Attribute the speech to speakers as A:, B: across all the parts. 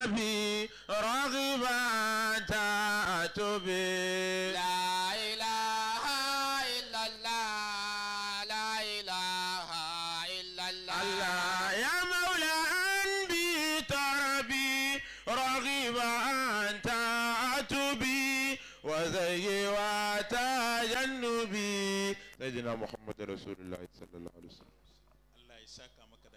A: بي راغبا جاءت بي لا إله إلا الله لا إله إلا الله, الله يا مولى أنبي تربي راغبا جاءت بي وزي وتجنبي سيدنا محمد رسول الله صلى الله عليه وسلم
B: الله يساك مكان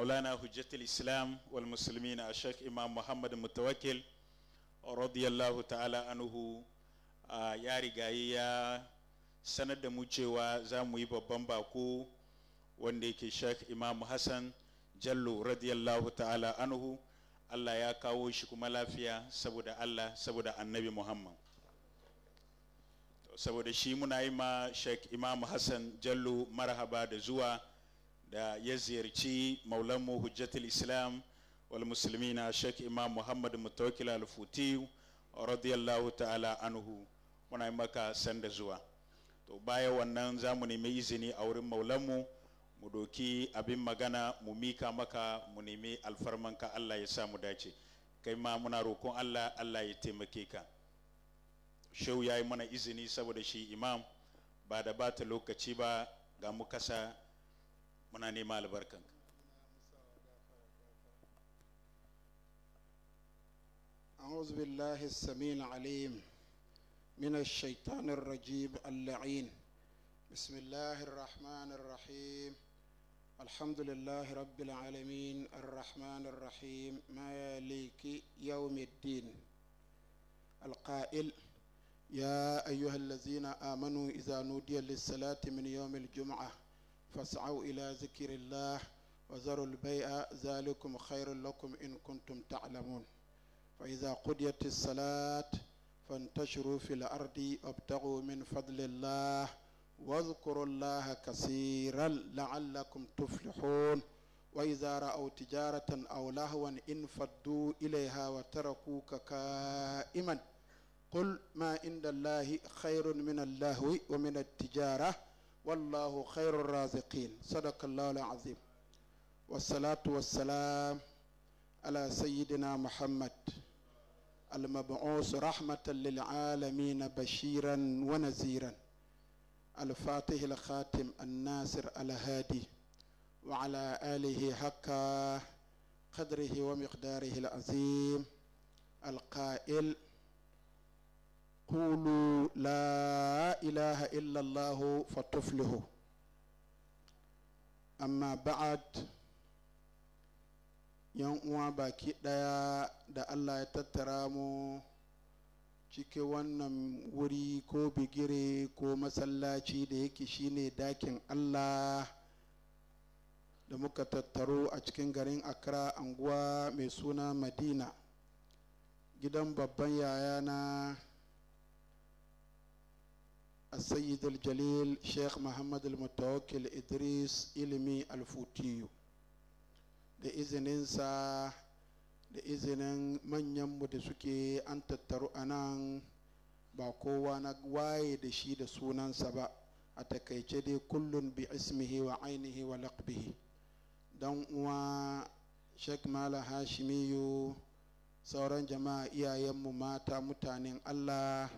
B: مولانا islam wal والمسلمين الشيخ إمام imam المتوكل رضي الله ta'ala عنه ya rigaye ya sanar da mu cewa za mu yi babban bako wanda yake Sheikh Imam Hassan Jallo radiyallahu ta'ala anhu Allah ya kawo shi kuma lafiya saboda Allah saboda Annabi Muhammad saboda shi muna yi ma Sheikh Imam Hassan Jallo marhaba da zuwa da ya ziyarci maulanmu hujjatul islam wal na sheikh imam muhammad mutawakil al-futi radiyallahu ta'ala anhu muna yi maka sanda zuwa to baya wannan za mu nemi izini a wurin maulanmu mu doki abin magana mu mika maka mu nemi alfarmanka allah ya sa mu dace kai ma muna roƙon allah allah ya taimake ka shau ya yi mana izini saboda shi imam ba da bata lokaci ba ga mu kasa muna nema albarkanka
C: أعوذ بالله السميع العليم من الشيطان الرجيم اللعين بسم الله الرحمن الرحيم الحمد لله رب العالمين الرحمن الرحيم مالك يوم الدين القائل يا أيها الذين آمنوا إذا نودي للصلاة من يوم الجمعة فاسعوا إلى ذكر الله وذروا البيع ذلكم خير لكم إن كنتم تعلمون فإذا قضيت الصلاة فانتشروا في الأرض وابتغوا من فضل الله واذكروا الله كثيرا لعلكم تفلحون وإذا رأوا تجارة أو لهوا انفضوا إليها وتركوك كائما قل ما عند الله خير من اللهو ومن التجاره والله خير الرازقين صدق الله العظيم والصلاة والسلام على سيدنا محمد المبعوث رحمة للعالمين بشيرا ونذيرا الفاتح الخاتم الناصر الهادي وعلى آله حق قدره ومقداره العظيم القائل وقولوا لا إله إلا الله فتفلحوا amma ba'ad yan uwa baki ɗaya da allah ya tattara mu cikin wannan wuri ko bigire ko masallaci da yake shine dakin allah da muka tattaro a cikin garin accra anguwa mai suna madina gidan babban yayana A الجليل Jalil محمد المتوكل إدريس إلمي الفوتيو da izininsa da izinin manyanmu da suke an tattaru a nan ba kowa na waye da shi da sunansa ba a takaice dai kullum bi ismihi wa ainihi wa laqbihi don uwa sheikh mala hashimiyu sauran jama'a iyayenmu mata mutanen allah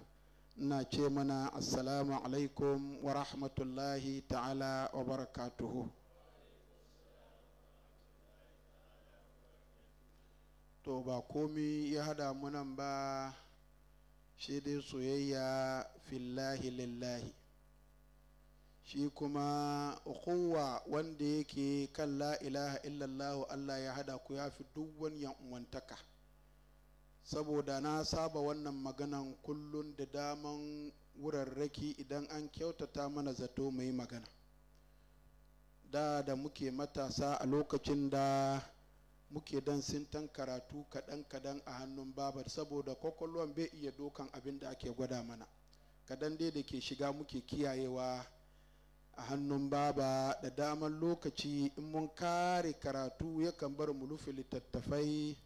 C: ina ce mana assalamu alaikum wa rahmatullahi ta'ala wa barakatuhu to ba komi ya hada munan ba shi dai soyayya fillahi lillahi shi kuma kowa wanda yake kan la ilaha illallahu Allah ya hada ku ya fi duk wani uwantaka saboda na saba wannan maganan kullum da daman wurarraki idan an kyautata mana zato mai magana da da muke matasa a lokacin da muke dan sintan karatu kaɗan kadan a hannun babar saboda kwakwalwan bai iya dokan abin da ake gwada mana kaɗan dai da ke shiga muke kiyayewa a hannun baba da daman lokaci in mun kare karatu yakan bar mu rufe littattafai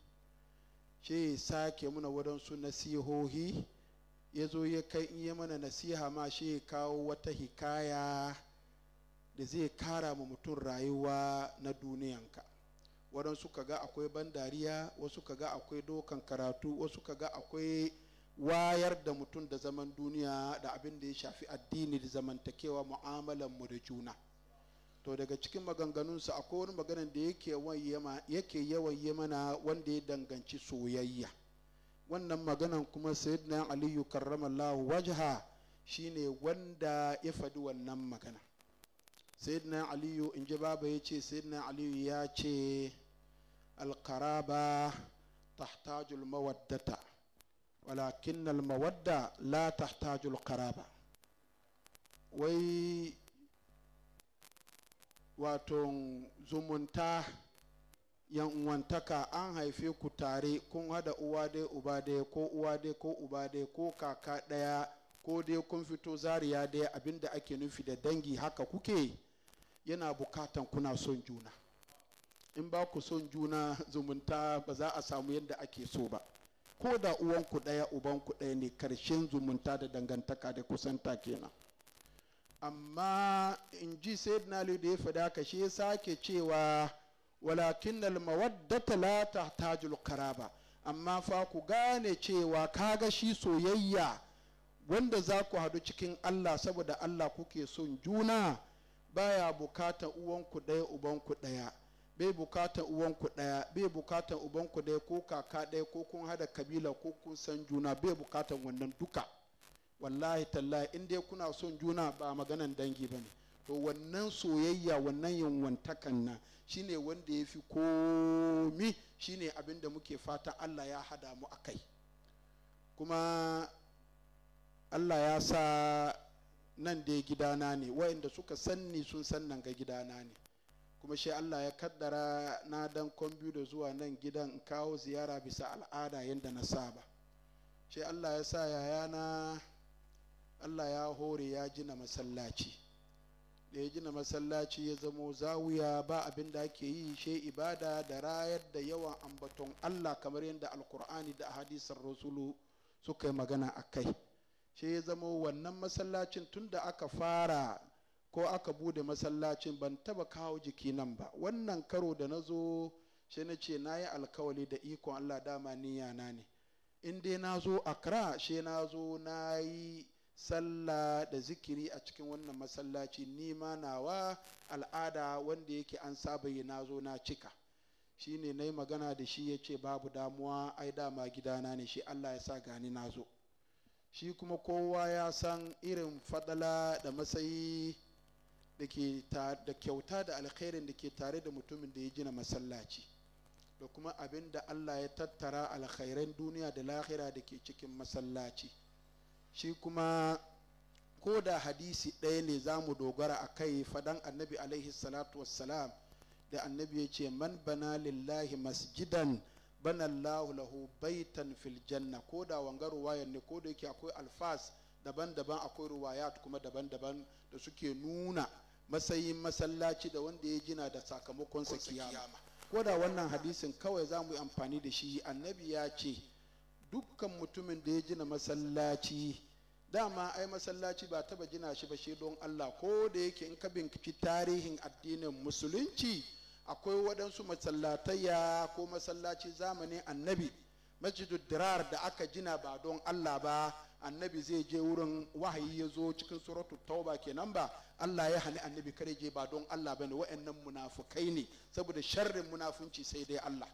C: shi sake muna waɗansu nasihohi ya zo ya kai in yi mana nasiha ma shi ya kawo wata hikaya da zai kara ma mutum rayuwa na duniyanka waɗansu kaga akwai ban dariya wasu kaga akwai dokan karatu wasu kaga akwai wayar da mutum da zaman duniya da abin da ya shafi addini da zamantakewa mu'amalan mu da juna to daga cikin maganganunsa akwai wani maganan da yake yawan yi mana wanda ya danganci soyayya wannan maganan kuma sayyidina aliyu karramallahu wajha shine wanda ya faɗi wannan magana sayyidina aliyu in ji baba ya ce sayyidina aliyu ya ce alkaraba tahtajul mawaddata walakin almawadda la tahtajul karaba wai wato zumunta yan uwantaka an haife ku tare kun hada uwa dai uba dai ko uwa dai ko uba dai ko kaka daya ko dai kun fito zariya dai abinda ake nufi da dangi haka kuke yana bukatan kuna son juna in ba ku son juna zumunta ba za a samu yadda ake so ba ko da uwanku ɗaya ubanku ɗaya ne karshen zumunta da dangantaka da kusanta kenan amma in ji sai da ya fada ka shi sake cewa walakin almawaddata la tahtajul karaba amma fa ku gane cewa kaga shi soyayya wanda za ku hadu cikin Allah saboda Allah kuke son juna baya bukata ku daya ɗaya ku ɗaya bai bukata uwan ku ɗaya bai bukata uban ku ɗaya ko kaka ɗaya ko kun hada kabila ko kun san juna bai bukata wannan duka wallahi tallahi in dai kuna son juna ba maganan dangi ba ne to wannan soyayya wannan yawantakan na shine wanda ya fi komi shine abin da muke fata allah ya hada mu a kai kuma allah ya sa nan dai gidana ne wa'inda suka sanni sun san nan ga gidana ne kuma shi allah ya kaddara na dan da zuwa nan gidan in kawo ziyara bisa al'ada yadda na saba shi allah ya sa yayana allah ya hore ya gina masallaci da ya gina masallaci ya zamo zawiya ba abin da ake yi she ibada da rayar da yawan ambaton allah kamar yadda alkur'ani da hadisan rasulu suka yi magana a kai she ya zamo wannan masallacin tun da aka fara ko aka bude masallacin ban taba kawo jiki nan ba wannan karo da na zo shi na ce na yi alkawali da ikon allah dama niyana ne in dai na zo akra she na zo na yi sallah da zikiri a cikin wannan masallaci ni ma nawa al'ada wanda yake an saba yi na zo na cika shi ne na yi magana da shi ya ce babu damuwa ai dama gidana ne shi allah ya sa gani na zo shi kuma kowa ya san irin fadala da matsayi da kyauta da alkhairin da ke tare da mutumin da ya gina masallaci da kuma abin da allah ya tattara alkhairan duniya da lahira da ke cikin masallaci shi kuma ko da hadisi ɗaya ne za mu dogara a kai fadan annabi alaihi salatu wassalam da annabi ya ce man bana lillahi masjidan bana Allahu lahu baitan fil ko da wanga ruwayan ne ko da yake akwai alfas daban-daban akwai ruwayat kuma daban-daban da suke nuna matsayin masallaci da wanda ya gina da sakamakon sa kiyama ko da wannan hadisin kawai za mu yi amfani da shi annabi ya ce dukkan mutumin da ya gina masallaci dama ai masallaci ba taba gina shi ba shi don Allah ko da yake in ka binciki tarihin addinin musulunci akwai waɗansu masallataya ko masallaci zamanin annabi masjidu dirar da aka gina ba don Allah ba annabi zai je wurin wahayi ya zo cikin suratul tauba kenan ba Allah ya hani annabi kare je ba don Allah ba ne wa'annan munafukai ne saboda sharrin munafunci sai dai Allah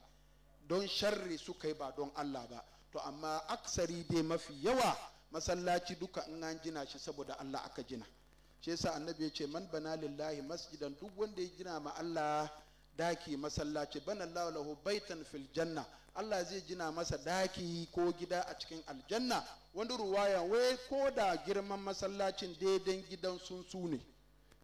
C: don sharri suka yi ba don Allah ba to amma aksari dai mafi yawa masallaci duka in an gina shi saboda Allah aka gina shi yasa annabi ya ce man bana lillahi masjidan duk wanda ya gina ma Allah daki masallaci bana Allah lahu baitan fil janna Allah zai gina masa daki ko gida a cikin aljanna wani ruwaya wai ko da girman masallacin daidan gidan sun ne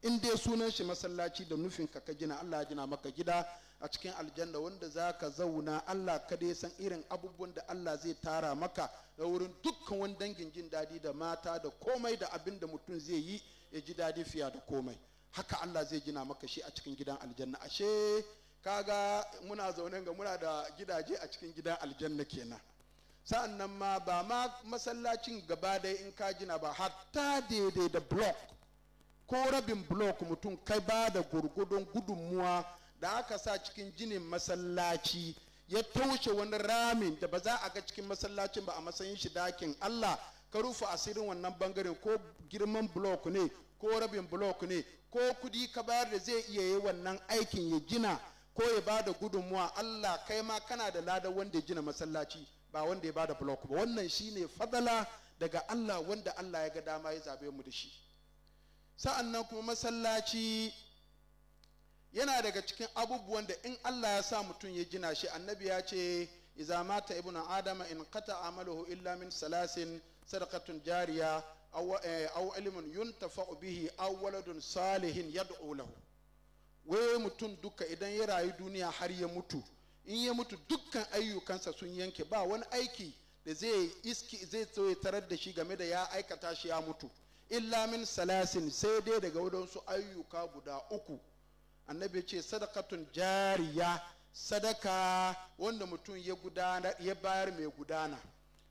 C: in dai sunan shi masallaci da nufin ka ka gina Allah ya gina maka gida a cikin aljanna wanda za ka zauna Allah ka dai san irin abubuwan da Allah zai tara maka da wurin dukkan wani dangin jin daɗi da mata da komai da abin da mutum zai yi ya ji daɗi fiya da komai haka Allah zai gina maka shi a cikin gidan aljanna ashe kaga muna zaune ga muna da gidaje a cikin gidan aljanna kenan sa'an nan ma ba ma masallacin gaba dai in ka gina ba hatta daidai da block ko rabin block mutum kai ba da gurgudun gudunmuwa da aka sa cikin ginin masallaci ya taushe wani ramin da ba za a ga cikin masallacin ba a matsayin shi dakin Allah ka rufe asirin wannan bangaren ko girman block ne ko rabin block ne ko kudi ka bayar da zai iya yi wannan aikin ya gina ko ya ba da gudunmuwa Allah kai ma kana da ladan wanda ya gina masallaci ba wanda ya ba da block ba wannan shine fadala daga Allah wanda Allah ya ga dama ya zabe mu da shi sa'annan kuma masallaci yana daga cikin abubuwan da in Allah ya sa mutum ya gina shi annabi ya ce iza mata ibn adama in qata amaluhu illa min salasin sadaqatun jariya aw eh, ilmun yuntafa'u bihi aw waladun salihin yad'u lahu we mutum duka idan ya rayu duniya har ya mutu in ya mutu dukkan ayyukansa sun yanke ba wani aiki da zai iski zai so ya tarar da shi game da ya aikata shi ya mutu illa min salasin sai dai daga wadansu ayyuka guda uku annabi ce sadakatun jariya sadaka wanda mutum ya gudana ya bayar mai gudana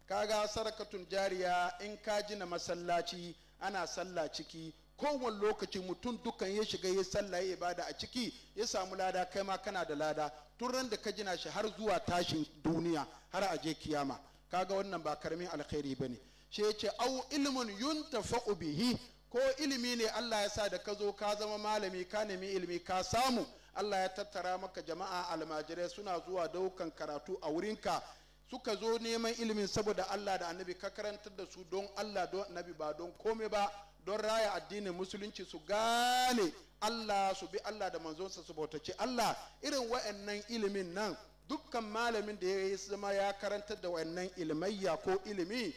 C: kaga sadakatun jariya in ka ji na masallaci ana sallah ciki kowane lokaci mutum dukan ya shiga ya sallah ya ibada a ciki ya samu lada kai ma kana da lada tun ran da ka jina shi har zuwa tashin duniya har a je kiyama kaga wannan ba karamin alkhairi bane shi ce au ilmun yuntafa'u bihi ko ilimi ne Allah ya sa da ka zo ka zama malami ka nemi ilimi ka samu Allah ya tattara maka jama'a almajirai suna zuwa daukan karatu a wurinka suka zo neman ilimin saboda Allah da annabi ka karantar da su don Allah don annabi ba don kome ba don raya addinin musulunci su gane Allah su bi Allah da manzonsa su bautaci Allah irin wa'annan ilimin nan dukkan malamin da ya yi zama ya karantar da wa'annan ilmayya ko ilimi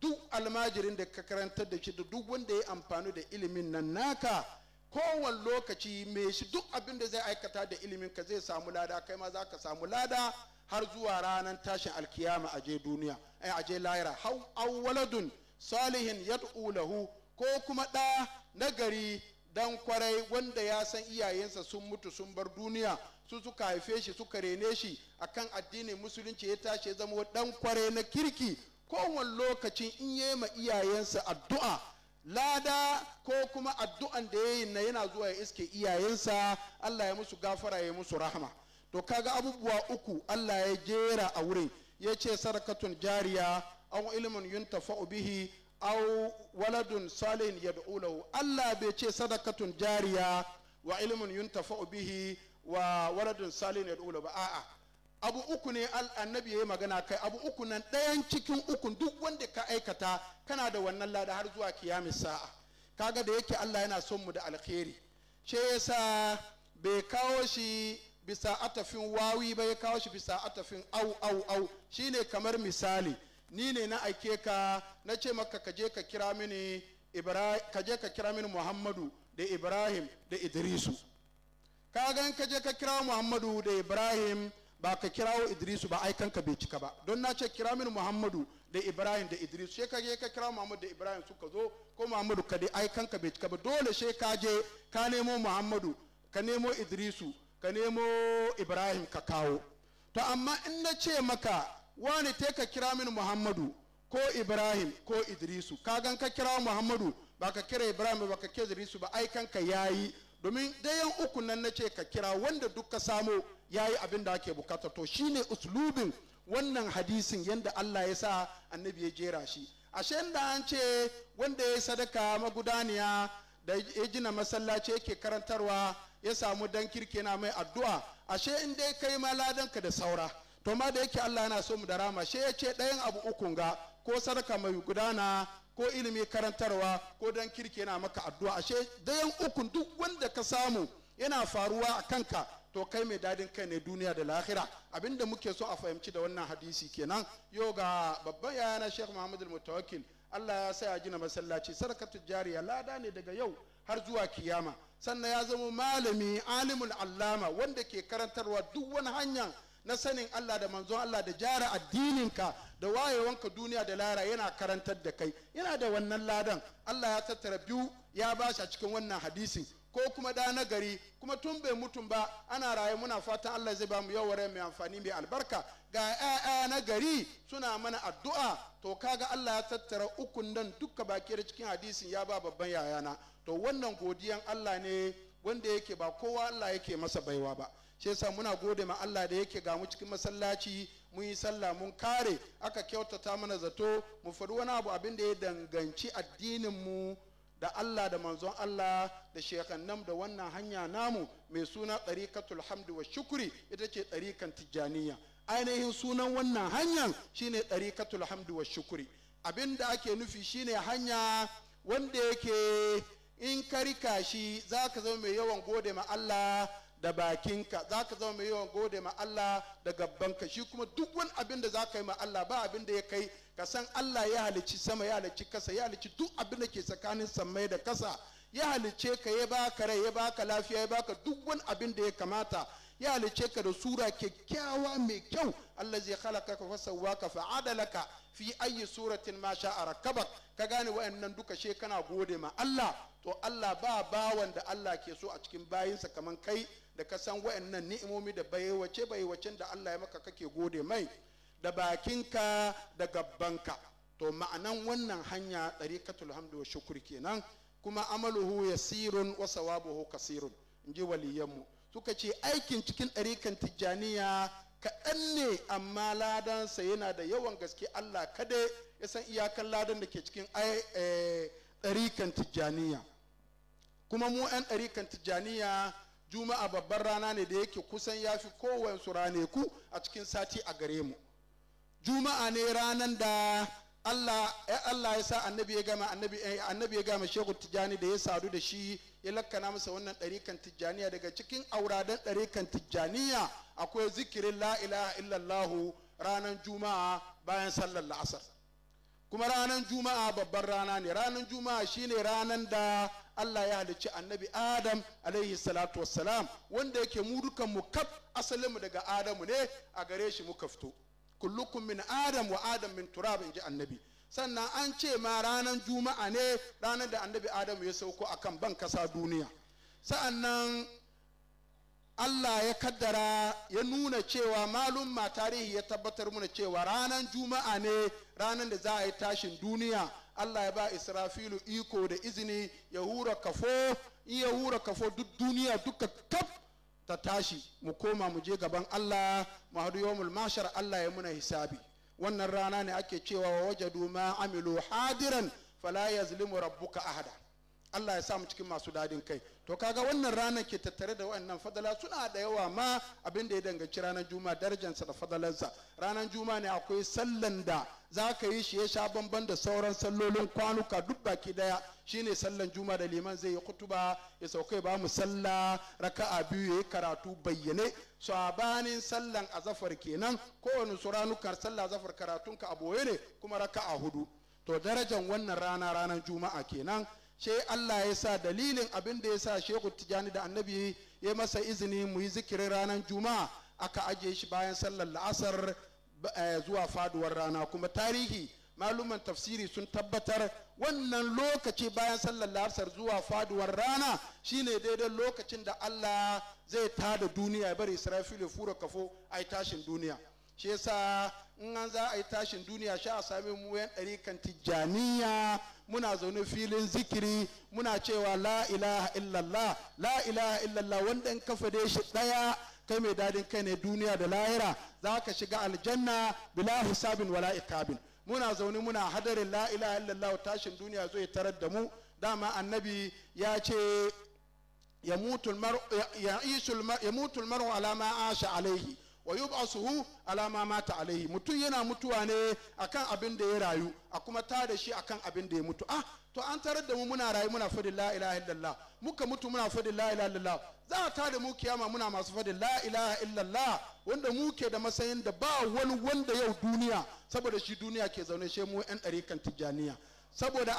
C: duk almajirin da ka karantar da shi da duk wanda ya amfani da ilimin nan naka kowan lokaci mai shi duk abin da zai aikata da ilimin ka zai samu lada kai ma za ka samu lada har zuwa ranar tashin alkiyama a je duniya ai eh, a je lahira hau awwaladun salihin yad'u lahu ko kuma ɗa nagari dan kwarai wanda ya san iyayensa sun mutu sun bar duniya su suka haife shi suka rene shi akan addinin musulunci ya tashi ya zama dan kwarai na kirki kowane lokacin in yi ma iyayensa addu'a lada ko kuma addu'an da ya yi na yana zuwa ya iske iyayensa Allah ya musu gafara ya musu rahama to kaga abubuwa uku Allah ya jera a wurin ya ce sarakatun jariya an ilimin yuntafa'u bihi au waladun salihin ya lahu Allah bai ce sadakatun jariya wa ilimin yuntafa'u bihi wa waladun salihin ya lahu ba a'a abu uku ne annabi ya yi magana kai abu uku nan ɗayan cikin uku duk wanda ka aikata kana da wannan lada har zuwa kiyamis sa'a kaga da yake Allah yana son mu da alkhairi shi yasa bai kawo shi bisa atafin wawi ba ya kawo shi bisa atafin au au au shine kamar misali ni ne na aike ka na ce maka ka je ka kira mini ka je ka kira mini Muhammadu da Ibrahim da Idrisu ka ga ka je ka kira Muhammadu da Ibrahim ba ka kirawo idrisu ba ai kanka bai cika ba don na ce kira min muhammadu da ibrahim da idrisu sai ka ka kira muhammadu da ibrahim suka zo ko muhammadu ka dai ai kanka bai cika ba dole sai ka je ka nemo muhammadu ka nemo idrisu ka nemo ibrahim ka kawo to amma in na ce maka wani te ka kira min muhammadu ko ibrahim ko idrisu ka gan ka kira muhammadu ba ka kira ibrahim ba ka kira idrisu ba ai kanka yayi domin dayan uku nan nace ka kira wanda duk ka samo yayi abin da ake bukata to shine uslubin wannan hadisin yadda Allah ya sa annabi ya jera shi ashe da an ce wanda ya sadaka magudaniya da ya gina masallaci yake karantarwa ya samu dan kirki na mai addu'a ashe in dai kai ma ladanka da saura to ma da yake Allah yana so mu da rama she ya ce ɗayan abu ukun ga ko sadaka mai gudana ko ilimi karantarwa ko dan kirki yana maka addu'a ashe dayan ukun duk wanda ka samu yana faruwa a kanka to kai mai dadin kai ne duniya da lahira abinda muke so a fahimci da wannan hadisi kenan yau ga babban yayana Sheikh Muhammad mutawakkil Allah ya sa ya gina masallaci sarakatu jariya lada ne daga yau har zuwa kiyama sannan ya zama malami alimul allama wanda ke karantarwa duk wani hanyar na sanin Allah da manzon Allah da jara addininka da wayewanka duniya da lara yana karantar da kai yana da wannan ladan Allah ya tattara biyu ya bashi a cikin wannan hadisin ko kuma da na gari kuma tun bai mutum ba ana raye muna fatan Allah zai ba mu yaware mai amfani mai albarka ga 'ya'ya na gari suna mana addu'a to kaga Allah ya tattara ukun nan duka baki da cikin hadisin ya ba babban yayana to wannan godiyan Allah ne wanda yake ba kowa Allah yake masa baiwa ba shi yasa muna gode ma Allah da yake ga mu cikin masallaci mun yi sallah mun kare aka kyautata mana zato mu faɗi wani abu abin da ya danganci addinin mu da Allah da manzon Allah da shekannan da wannan hanya namu mai suna ɗarikatul hamdu wa shukuri ita ce ɗarikan tijjaniya ainihin sunan wannan hanyar shine tsarikatul hamdu wa shukuri abin da ake nufi shine hanya wanda yake in karika shi za ka zama mai yawan gode ma Allah da bakinka za ka zama mai yawan gode ma Allah da ka shi kuma duk wani abin da za ka yi ma Allah ba abin da ya kai ka san Allah ya halicci sama ya halicci kasa ya halicci duk abin da ke tsakanin sammai da kasa ya halicce ka ya baka rai ya baka lafiya ya baka duk wani abin da ya kamata ya halicce ka da sura kyakkyawa mai kyau Allah zai halaka ka fasawa ka fa'adalaka fi ayi suratin ma sha'a rakabak ka gane wa'annan duka she kana gode ma Allah to Allah ba bawan da Allah ke so a cikin bayinsa kaman kai da ka san wayannan ni'imomi da baiwace baiwacen da Allah ya maka kake gode mai da bakinka da gabbanka to ma'anan wannan hanya katul hamdu wa shukuri kenan kuma amaluhu yasirun wa sawabuhu kasirun inji waliyanmu suka ce aikin cikin ɗarikan tijjaniya kaɗan ne amma ladansa yana da yawan gaske Allah kada ya san iyakan ladan da ke cikin eh, ɗarikan tijjaniya kuma mu 'yan ɗarikan tijjaniya juma'a babbar rana ne da yake kusan ya fi kowansu raneku a cikin sati a gare mu juma'a ne ranan da Allah eh, ya sa annabi ya gama eh, annabi ya gama shehu tijjani da ya sadu da shi ya lakkana masa wannan ɗarikan Tijjaniya daga cikin auradan ɗarikan Tijjaniya akwai zikirin la illallahu ranan juma'a bayan sallar la'asar kuma ranan juma'a babban rana ne ranan juma'a shine ranan da Allah ya halicci annabi Adam alaihi salatu wassalam wanda yake mu dukan mu kaf asalinmu daga Adamu ne a gare shi muka fito kullukum min Adam wa Adam min turab inji annabi sannan an ce ma ranan juma'a ne ranar da annabi Adamu ya sauko akan ban kasa duniya sa'annan Allah ya kaddara ya nuna cewa malum ma tarihi ya tabbatar mana cewa ranar juma'a ne ranan da za a yi tashin duniya Allah ya ba Israfilu iko da izini ya hura kafo in ya hura kafo duk duniya duka kaf ta tashi mu koma mu je gaban Allah mu hadu mashar Allah ya muna hisabi wannan rana ne ake cewa wa wajadu ma amilu hadiran fala yazlimu rabbuka ahada Allah ya samu cikin masu dadin kai to kaga wannan ranar ke tattare da wannan fadala suna da yawa ma abin da ya danganci ranar juma'a darajarsa da fadalansa ranar juma'a ne akwai sallan da za ka yi shi ya sha bamban da sauran sallolin kwanuka duk baki daya shine sallan juma'a da liman zai yi kutuba ya sauka ba mu salla raka'a biyu ya yi karatu bayyane sabanin sallan azafar kenan kowane su ranukar sallah azafar karatunka a boye ne kuma raka'a hudu to darajar wannan rana ranar juma'a kenan she Allah ya sa dalilin abin da ya sa shehu tijani da annabi ya masa izini mu yi zikirin ranar juma'a aka ajiye shi bayan sallar la'asar eh, zuwa faduwar rana kuma tarihi maluman tafsiri sun tabbatar wannan lokaci bayan sallar la'asar zuwa faduwar rana shine daidai lokacin da Allah zai tada duniya ya bari Israfilu fura kafo ai tashin duniya shi yasa in an za a yi tashin duniya sha a sami mu yan ɗarikan tijjaniya muna zaune filin zikiri muna cewa la ilaha illallah la ilaha illallah wanda in ka fade shi daya kai mai dadin kai ne duniya da lahira za ka shiga aljanna bila hisabin wala ikabin muna zaune muna hadarin la ilaha illallah tashin duniya zo ya tarar da mu dama annabi ya ce ya mutu almar'u ala ma asha alaihi wa su hu alama mata alaihi mutum yana mutuwa ne akan abin da ya rayu a kuma ta da shi akan abin da ya mutu ah to an tarar da mu muna rayu muna fadin la ilaha illallah muka mutu muna fadin la ilaha illallah za a tada mu kiyama muna masu fadin la ilaha illallah wanda mu ke da matsayin da ba wani wanda yau duniya saboda shi duniya ke zaune shi mu yan ɗarikan tijjaniya saboda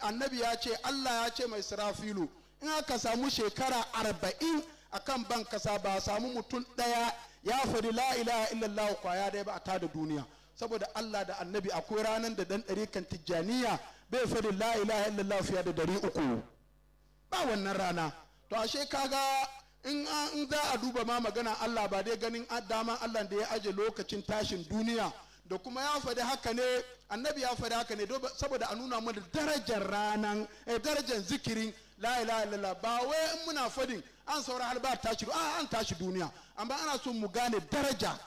C: annabi ya ce Allah ya ce mai sirafilu in aka samu shekara arba'in akan ban kasa ba samu mutum ɗaya ya faɗi la ilaha illallah kwaya dai ba a tada duniya saboda Allah da annabi akwai ranar da dan kan tijjaniya bai faɗi la ilaha illallah fiye da dari uku ba wannan rana to ashe kaga in an za a duba ma magana Allah ba dai ganin dama Allah da ya aje lokacin tashin duniya da kuma ya faɗi haka ne annabi ya faɗi haka ne saboda a nuna mana darajar ranan eh, darajar zikirin la ilaha illallah ba wai in muna fadin an saura har ba tashi a an tashi duniya amma ana so mu gane daraja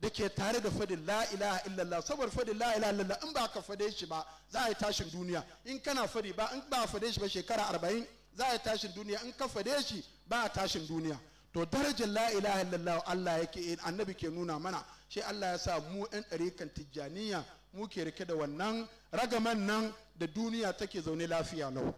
C: da ke tare da fadin la ilaha illallah saboda fadin la ilaha illallah in ba ka fade shi ba za a yi tashin duniya in kana fadi ba in ba fade shi ba shekara arba'in za a yi tashin duniya in ka fade shi ba a tashin duniya to darajar la ilaha illallah Allah yake annabi ke nuna mana shi Allah ya sa mu ɗan ɗarikan tijjaniya mu ke rike da wannan ragaman nan da duniya take zaune lafiya lau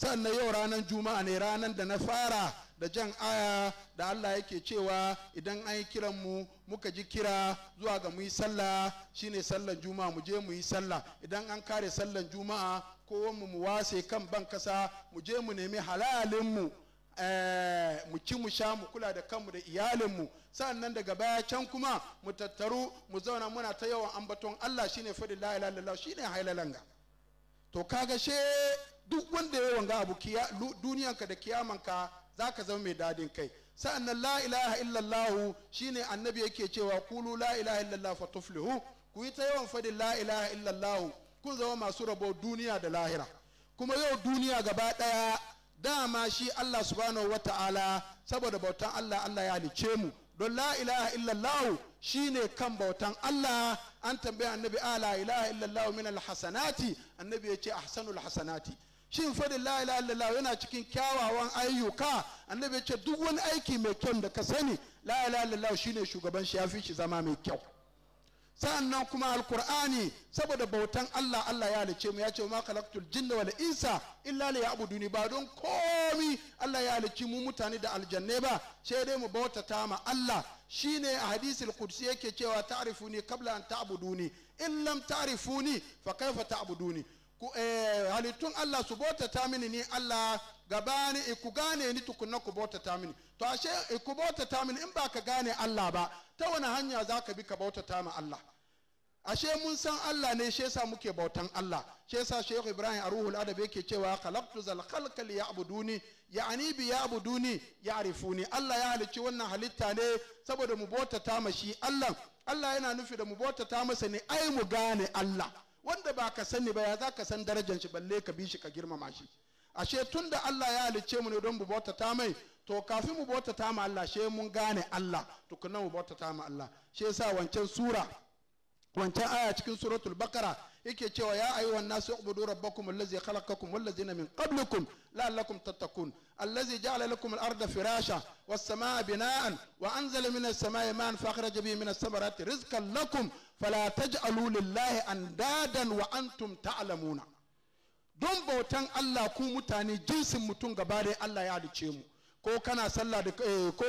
C: sannan yau ranar juma'a ne ranar da na fara da jan aya da Allah yake cewa idan an yi kiranmu muka ji kira zuwa ga mu yi sallah shine sallan juma'a mu je mu yi sallah idan an kare sallan juma'a ko mu wase kan ban kasa mu je mu nemi halalin mu eh, ci mu sha mu kula da kanmu da iyalinmu sannan daga baya can kuma mu tattaru mu zauna muna ta yawan ambaton Allah shine fadin la ilaha illallah shine hailalanga to kaga she duk wanda ya wanga abu duniyanka da kiyamanka za ka zama mai dadin kai sa'annan la ilaha illallah shine annabi yake cewa kulu la ilaha illallah fa tuflihu ku yi ta yawan fadin la ilaha illallah kun zama masu rabo duniya da lahira kuma yau duniya gaba daya dama shi Allah subhanahu wata'ala saboda bautan Allah Allah ya halice mu don la ilaha illallah shine kan bautan Allah an tambayi annabi ala ilaha illallah min alhasanati annabi yace ce ahsanul hasanati shin fa la ilaha illallah yana cikin kyawawan ayyuka annabi ya ce duk wani aiki mai kyau da ka sani la ilaha illallah shine shugaban shi ya fi shi zama mai kyau sa'annan kuma alkur'ani saboda bautan Allah Allah ya halice mu ya ce ma khalaqtul jinna wal insa illa liya'buduni ba don komi Allah ya halici mu mutane da aljanne ba sai dai mu bautata ma Allah shine a hadisul qudsi yake cewa ta'rifuni qabla an ta'buduni in lam ta'rifuni fa kaifa ta'buduni Eh, halittun Allah su bautata mini ni Allah gabani eh, ku gane ni tukunna ku bautata mini to ashe eh, ku bautata mini in ba ka gane Allah ba ta wani hanya zaka bi ka bautata ma Allah ashe mun san Allah ne shi yasa muke bautan Allah shi yasa Sheikh Ibrahim Aruhul Adab yake cewa khalaqtu zal khalqa ya'buduni ya'ni bi ya'buduni ya'rifuni Allah ya halicci wannan halitta ne saboda mu bautata ma shi Allah Allah yana nufi da mu bautata masa ne ai mu gane Allah wanda ba ka sani ba ya za ka san darajar shi balle ka bi shi ka girmama shi ashe tun da Allah ya halicce mu ne don mu ta mai to kafin mu ta ma Allah she mun gane Allah tukunna mu ta ma Allah she yasa wancan sura wancan aya cikin suratul bakara yake cewa ya ayyuhan nasu ubudu rabbakum allazi khalaqakum wallazina min qablikum la'allakum tattaqun allazi ja'ala lakum al-arda firasha was-samaa bina'an wa anzala minas samaa'i ma'an fa akhraja bihi minas samarati rizqan lakum fala taj'alu lillahi andadan wa antum ta'lamuna don bautan Allah ku mutane jinsin mutum gaba dai Allah ya halice mu ko kana sallah eh, ko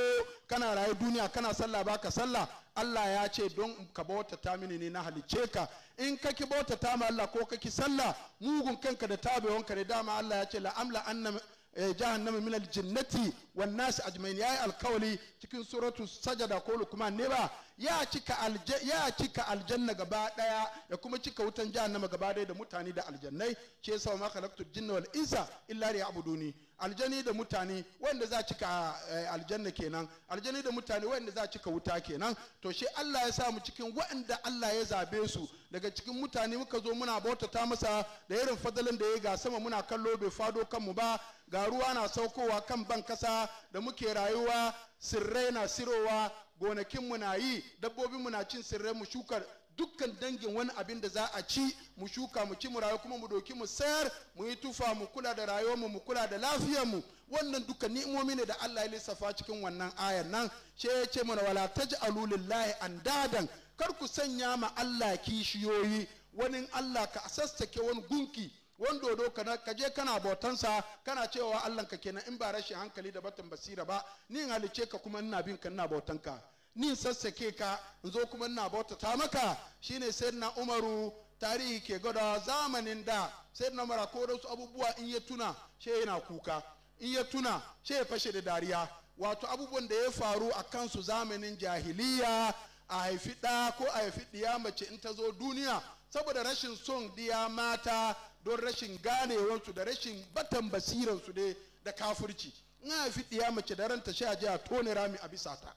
C: kana raye duniya kana sallah baka sallah Allah ya ce don ka bauta ta mini ne na halicce ka in ka ki ta ma Allah ko ka ki sallah mugun kanka da tabewanka da dama Allah ya ce la amla annam eh, jahannama min aljinnati wan nas ajmain yayi alkawli cikin suratu sajada ko kuma ne ba ya cika alje ya cika aljanna gaba daya ya kuma cika wutan jahannama gaba daya da mutane da aljannai ce sa ma khalaqtu jinna wal insa illa liya'buduni aljani da mutane wanda za cika eh, aljanna kenan aljani da mutane wanda za cika wuta kenan to shi Allah ya sa mu cikin wanda Allah ya zabe su daga cikin mutane muka zo muna bautata masa da irin fadalin da ya ga sama muna kallo bai fado kanmu ba ga ruwa na saukowa kan ban kasa da muke rayuwa sirrai na sirowa gonakinmu na yi dabbobinmu na cin sirrai mu shukar dukkan dangin wani abin da za a ci mu shuka mu ci mu rayu kuma mu doki mu sayar mu yi tufa mu kula da rayuwarmu mu kula da lafiyarmu wannan duka ni'imomi ne da Allah ya lissafa cikin wannan ayar nan ce ya ce mana wala taj'alu lillahi andadan kar ku sanya ma Allah kishiyoyi wani Allah ka sassake wani gunki wani dodo ka je kana bautansa kana cewa Allah ka kenan in ba rashin hankali da batun basira ba ni in halice ka kuma ina bin ka ina bautanka ni sassake ka in zo kuma ina ta maka shine sayyidina umaru tarihi ke gwada zamanin da sayyidina umar ko su abubuwa in ya tuna she yana kuka in ya tuna she ya fashe da dariya wato abubuwan da ya faru a kansu zamanin jahiliya a haifi ɗa ko a haifi ɗiya mace in ta zo duniya saboda rashin son diya mata don rashin ganewarsu da rashin batan basiransu dai da kafurci in haifi ɗiya mace da ranta sha a tone rami a bisa ta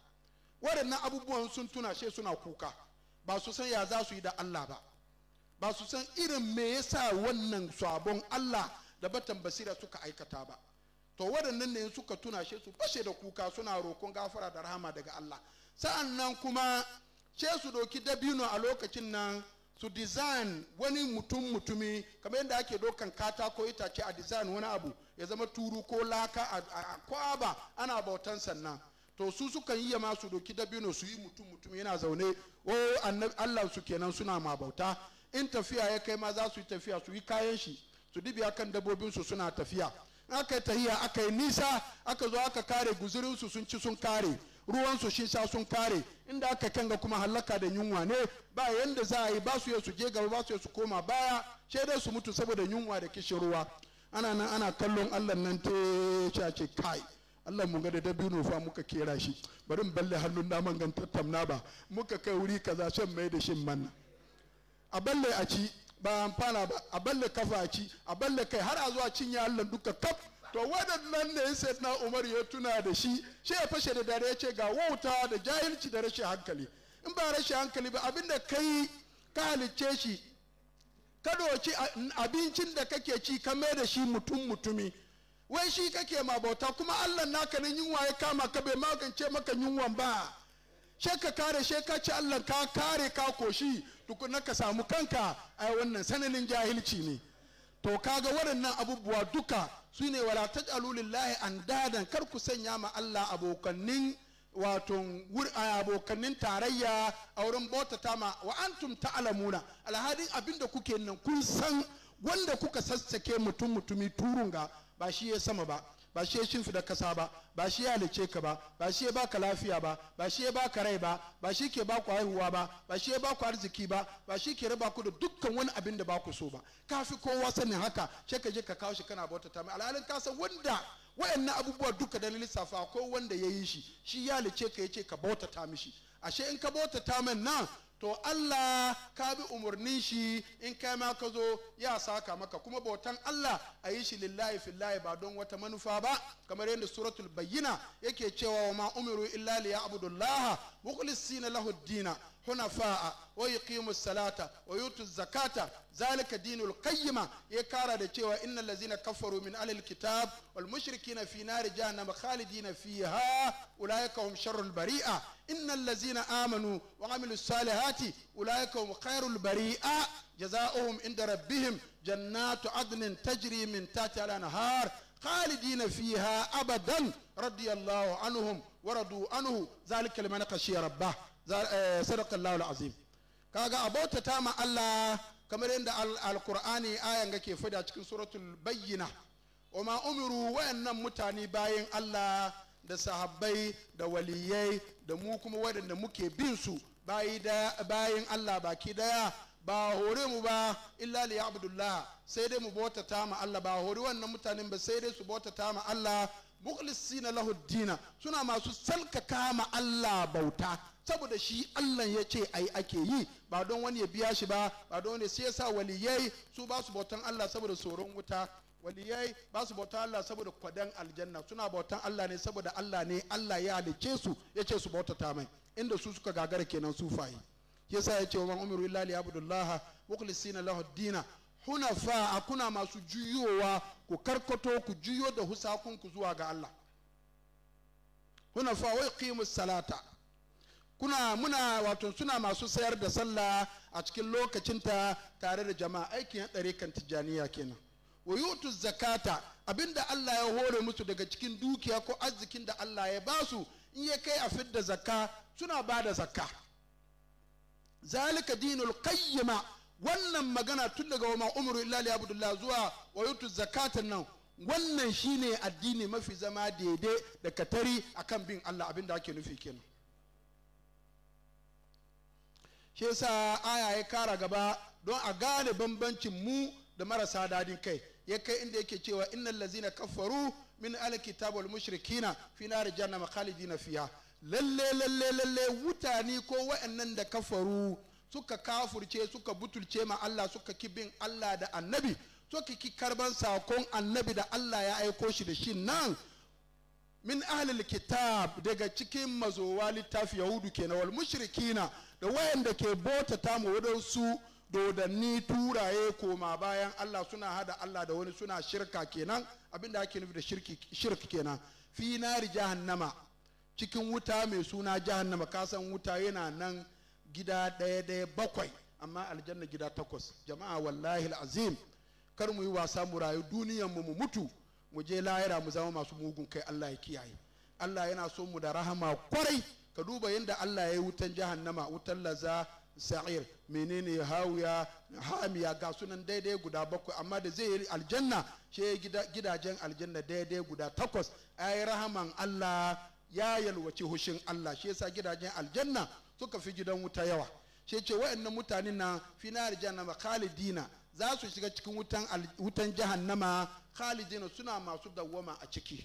C: waɗannan abubuwan sun tuna she suna kuka ba su san ya za su yi da Allah ba ba su san irin me yasa wannan sabon Allah da batan basira suka aikata ba to waɗannan ne suka tuna she su fashe da kuka suna roƙon gafara da rahama daga Allah sa'annan kuma she su doki dabino a lokacin nan su design wani mutum mutumi kamar yadda ake dokan katako itace a design wani abu ya zama turu ko laka a kwaba ana bautan sannan to su sukan yi yama su doki dabino su yi mutum mutum yana zaune o Allah su kenan suna ma bauta in tafiya ya kai ma za su yi tafiya su yi kayan shi su dibi kan dabbobin su suna tafiya aka yi tahiya aka yi nisa aka zo aka kare guzurin su sun ci sun kare ruwan su shin sha sun kare inda aka kanga kuma halaka da yunwa ne ba yanda za a yi ba su su je gaba ba su su koma baya shaidar su mutu saboda yunwa da kishin ruwa ana nan ana kallon Allah nan te ce kai Allah mu ga da dabino fa muka kera shi bari in balle hannun naman gan tattamna ba muka kai wuri kaza can mai da shin manna a balle a ci ba amfana ba a balle kafa a ci a balle kai har a zuwa cinye Allah duka kaf to waɗannan ne sai na Umar ya tuna da shi sai ya fashe da dare ya ce ga wauta da jahilci da rashin hankali in ba rashin hankali ba abinda kai ka halicce shi ka doki abincin da kake ci ka mai da shi mutum mutumi wai shi kake ma bauta kuma allah naka nan yunwa ya kama ka bai magance maka yunwan ba she ka kare she ka ci allah ka kare ka koshi tukuna ka samu kanka ai wannan sananin jahilci ne to kaga waɗannan abubuwa duka su ne wala taj'alu an dadan kar ku sanya ma allah abokannin wato abokannin tarayya a wurin ta ma wa antum ta'lamuna alhadin abinda kuke nan kun san wanda kuka sassake mutum mutumi turunga ba shi ya sama ba ba shi ya shimfida kasa ba ba shi ya halice ka ba ba shi ya baka lafiya ba ba shi ya baka rai ba ba shi ke baku haihuwa ba ba shi ya baku arziki ba ba shi ke raba ku da dukkan wani abin da baku so ba Ka fi kowa sanin haka sai ka je ka kawo shi kana bauta ta mai alhalin ka san wanda wayannan abubuwa duka da lissafa ko wanda ya yi shi shi ya halice ka ya ce ka bauta ta mishi ashe in ka bauta ta min nan to Allah ka bi umarnin shi in kai ma ka zo ya saka maka kuma bautan Allah a yi shi lillahi fillahi ba don wata manufa ba kamar yadda suratul bayyana yake cewa wa ma umiru illa liya abdullaha mukhlisina lahu dina حنفاء ويقيم الصلاة ويؤتوا الزكاة ذلك دين القيمة يكارا إيه دي إن الذين كفروا من أهل الكتاب والمشركين في نار جهنم خالدين فيها أولئك هم شر البريئة إن الذين آمنوا وعملوا الصالحات أولئك هم خير البريئة جزاؤهم عند ربهم جنات عدن تجري من تحتها الأنهار خالدين فيها أبدا رضي الله عنهم ورضوا عنه ذلك لمن خشي ربه Eh, sadaqallahu alazim kaga abota ta ma Allah kamar yadda alqur'ani ayan gake fada cikin suratul bayyina wama umiru wayannan mutane bayan Allah da sahabbai da waliyai da mu kuma waɗanda muke bin su bayan Allah baki daya ba hore mu ba illa li abdullah sai dai mu bautata ma Allah ba hore wannan mutanen ba sai dai su bautata ma Allah mukhlisina na lahuddina suna masu salka kama Allah bauta saboda shi Allah ya ce ai ake yi ba don wani ya biya shi ba ba don wani sai sa waliyai su ba su bautan Allah saboda tsoron wuta waliyai ba su bautan Allah saboda kwadan aljanna suna bautan Allah ne saboda Allah ne Allah ya halice su ya ce su bautata mai inda su suka gagara kenan sufaye yasa ya ce wa man umiru illa li abdullah mukhlisina lahu hunafa kuna masu juyowa ku karkato ku juyo da husakunku zuwa ga Allah hunafa wai qimus salata kuna muna wato suna masu sayar da sallah a cikin lokacinta tare da jama'a aikin kan tijaniya kenan wa yutu zakata abinda Allah ya hore musu daga cikin dukiya ko arzikin da Allah ya basu in ya kai a fidda zakka suna bada da zakka zalika dinul qayyima wannan magana tun daga wa ma'umuru illali abdullah zuwa wa yutu zakatan nan wannan shine addini mafi zama daidai da katari a kan bin Allah abin da ake nufi kenan shi yasa aya ya kara gaba don a gane bambancin mu da marasa dadin kai ya kai inda yake cewa innal na kafaru min alkitab wal mushrikina fi nar jahannam khalidina fiha lalle lalle lalle mutane ko wa'annan da kafaru suka kafurce suka butulce ma Allah suka ki bin Allah da annabi suka ki karban sakon annabi da Allah ya aiko shi da shi nan min ahlil kitab daga cikin mazowa littafi yahudu kenan wal mushrikina da wayanda ke bota ta mu wadansu dodanni turaye koma bayan Allah suna hada Allah da wani suna shirka kenan abinda ake nufi da shirki shirk kenan fi nari jahannama cikin wuta mai suna jahannama kasan wuta yana nan gida ɗaya ɗaya bakwai amma aljanna gida takwas jama'a wallahi azim kar mu yi wasa mu rayu duniyan mu mu mutu mu je lahira mu zama masu mugun kai Allah ya kiyaye Allah yana so mu da rahama kwarai ka duba yadda Allah ya yi wutan jahannama wutan laza sa'ir menene hawiya hamiya ga sunan daidai guda bakwai amma da zai yi aljanna she gidajen aljanna daidai guda takwas ayi rahaman Allah ya yalwaci hushin Allah shi yasa gidajen aljanna suka fi gidan wuta yawa shi ce wa'annan mutane na finar jahannama khalidina za su shiga cikin wutan wutan jahannama khalidina suna masu dawwama a ciki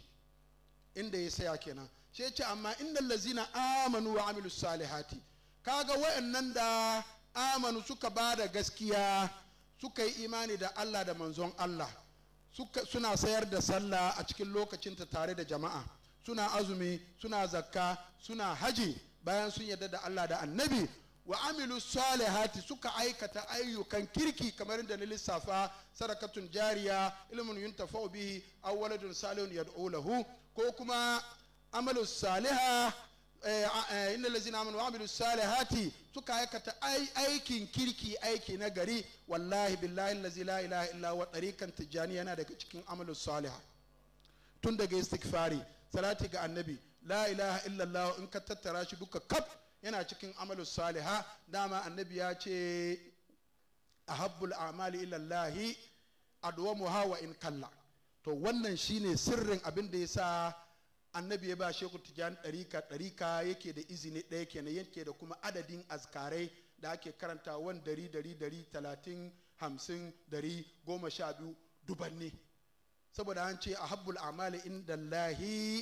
C: inda ya saya kenan shi ce amma innal lazina amanu wa amilus salihati kaga wa'annan da amanu suka ba da gaskiya suka yi imani da Allah da manzon Allah suka, suna sayar da sallah a cikin lokacin ta tare da jama'a suna azumi suna zakka suna haji bayan sun yarda da Allah da annabi wa amilu salihati suka aikata ayyukan kirki kamar da na lissafa sarakatun jariya ilmun yuntafa bihi aw waladun salihun yad'u lahu ko kuma amalu saliha eh, eh, innal ladzina amanu wa amilu salihati suka aikata aikin kirki aiki na gari wallahi billahi allazi la ilaha illa wa tariqan tijani yana daga cikin amalu salihah tun daga istighfari salati ga annabi la ilaha illallah in ka tattara shi duka kaf yana cikin amalu saliha dama annabi ya ce ahabbul a'mali ilallahi adwamuha wa in kalla to wannan shine sirrin abin da yasa annabi ya ba sheku tijan ɗarika ɗarika yake da izini ɗaya kenan yake da kuma adadin azkarai da ake karanta wan dari dari dari talatin hamsin dari goma sha biyu dubanni saboda an ce ahabbul amali indallahi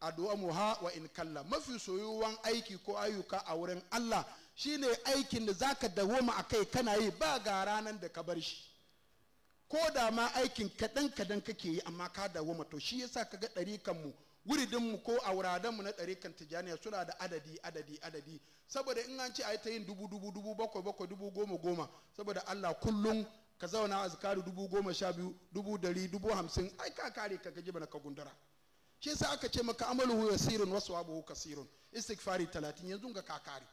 C: addu'a wa in kalla mafi soyuwan aiki ko ayyuka a wurin Allah shine aikin da zaka dawoma akai kana yi ba ga ranan da ka bar shi ko da ma aikin kadan kadan kake yi amma ka dawoma to shi yasa kaga ɗarikan mu wuridin mu ko a auradan mu na ɗarikan tijaniya suna da adadi adadi adadi saboda in an ce ai ta yin dubu dubu dubu bakwai bakwai dubu goma goma saboda Allah kullum ka zauna azkaru dubu goma sha biyu dubu dari dubu hamsin ai ka kare ka gaji ka gundara shi sai aka ce maka amaluhu yasirun wasu abuhu kasirun istighfari talatin yanzu ga kakari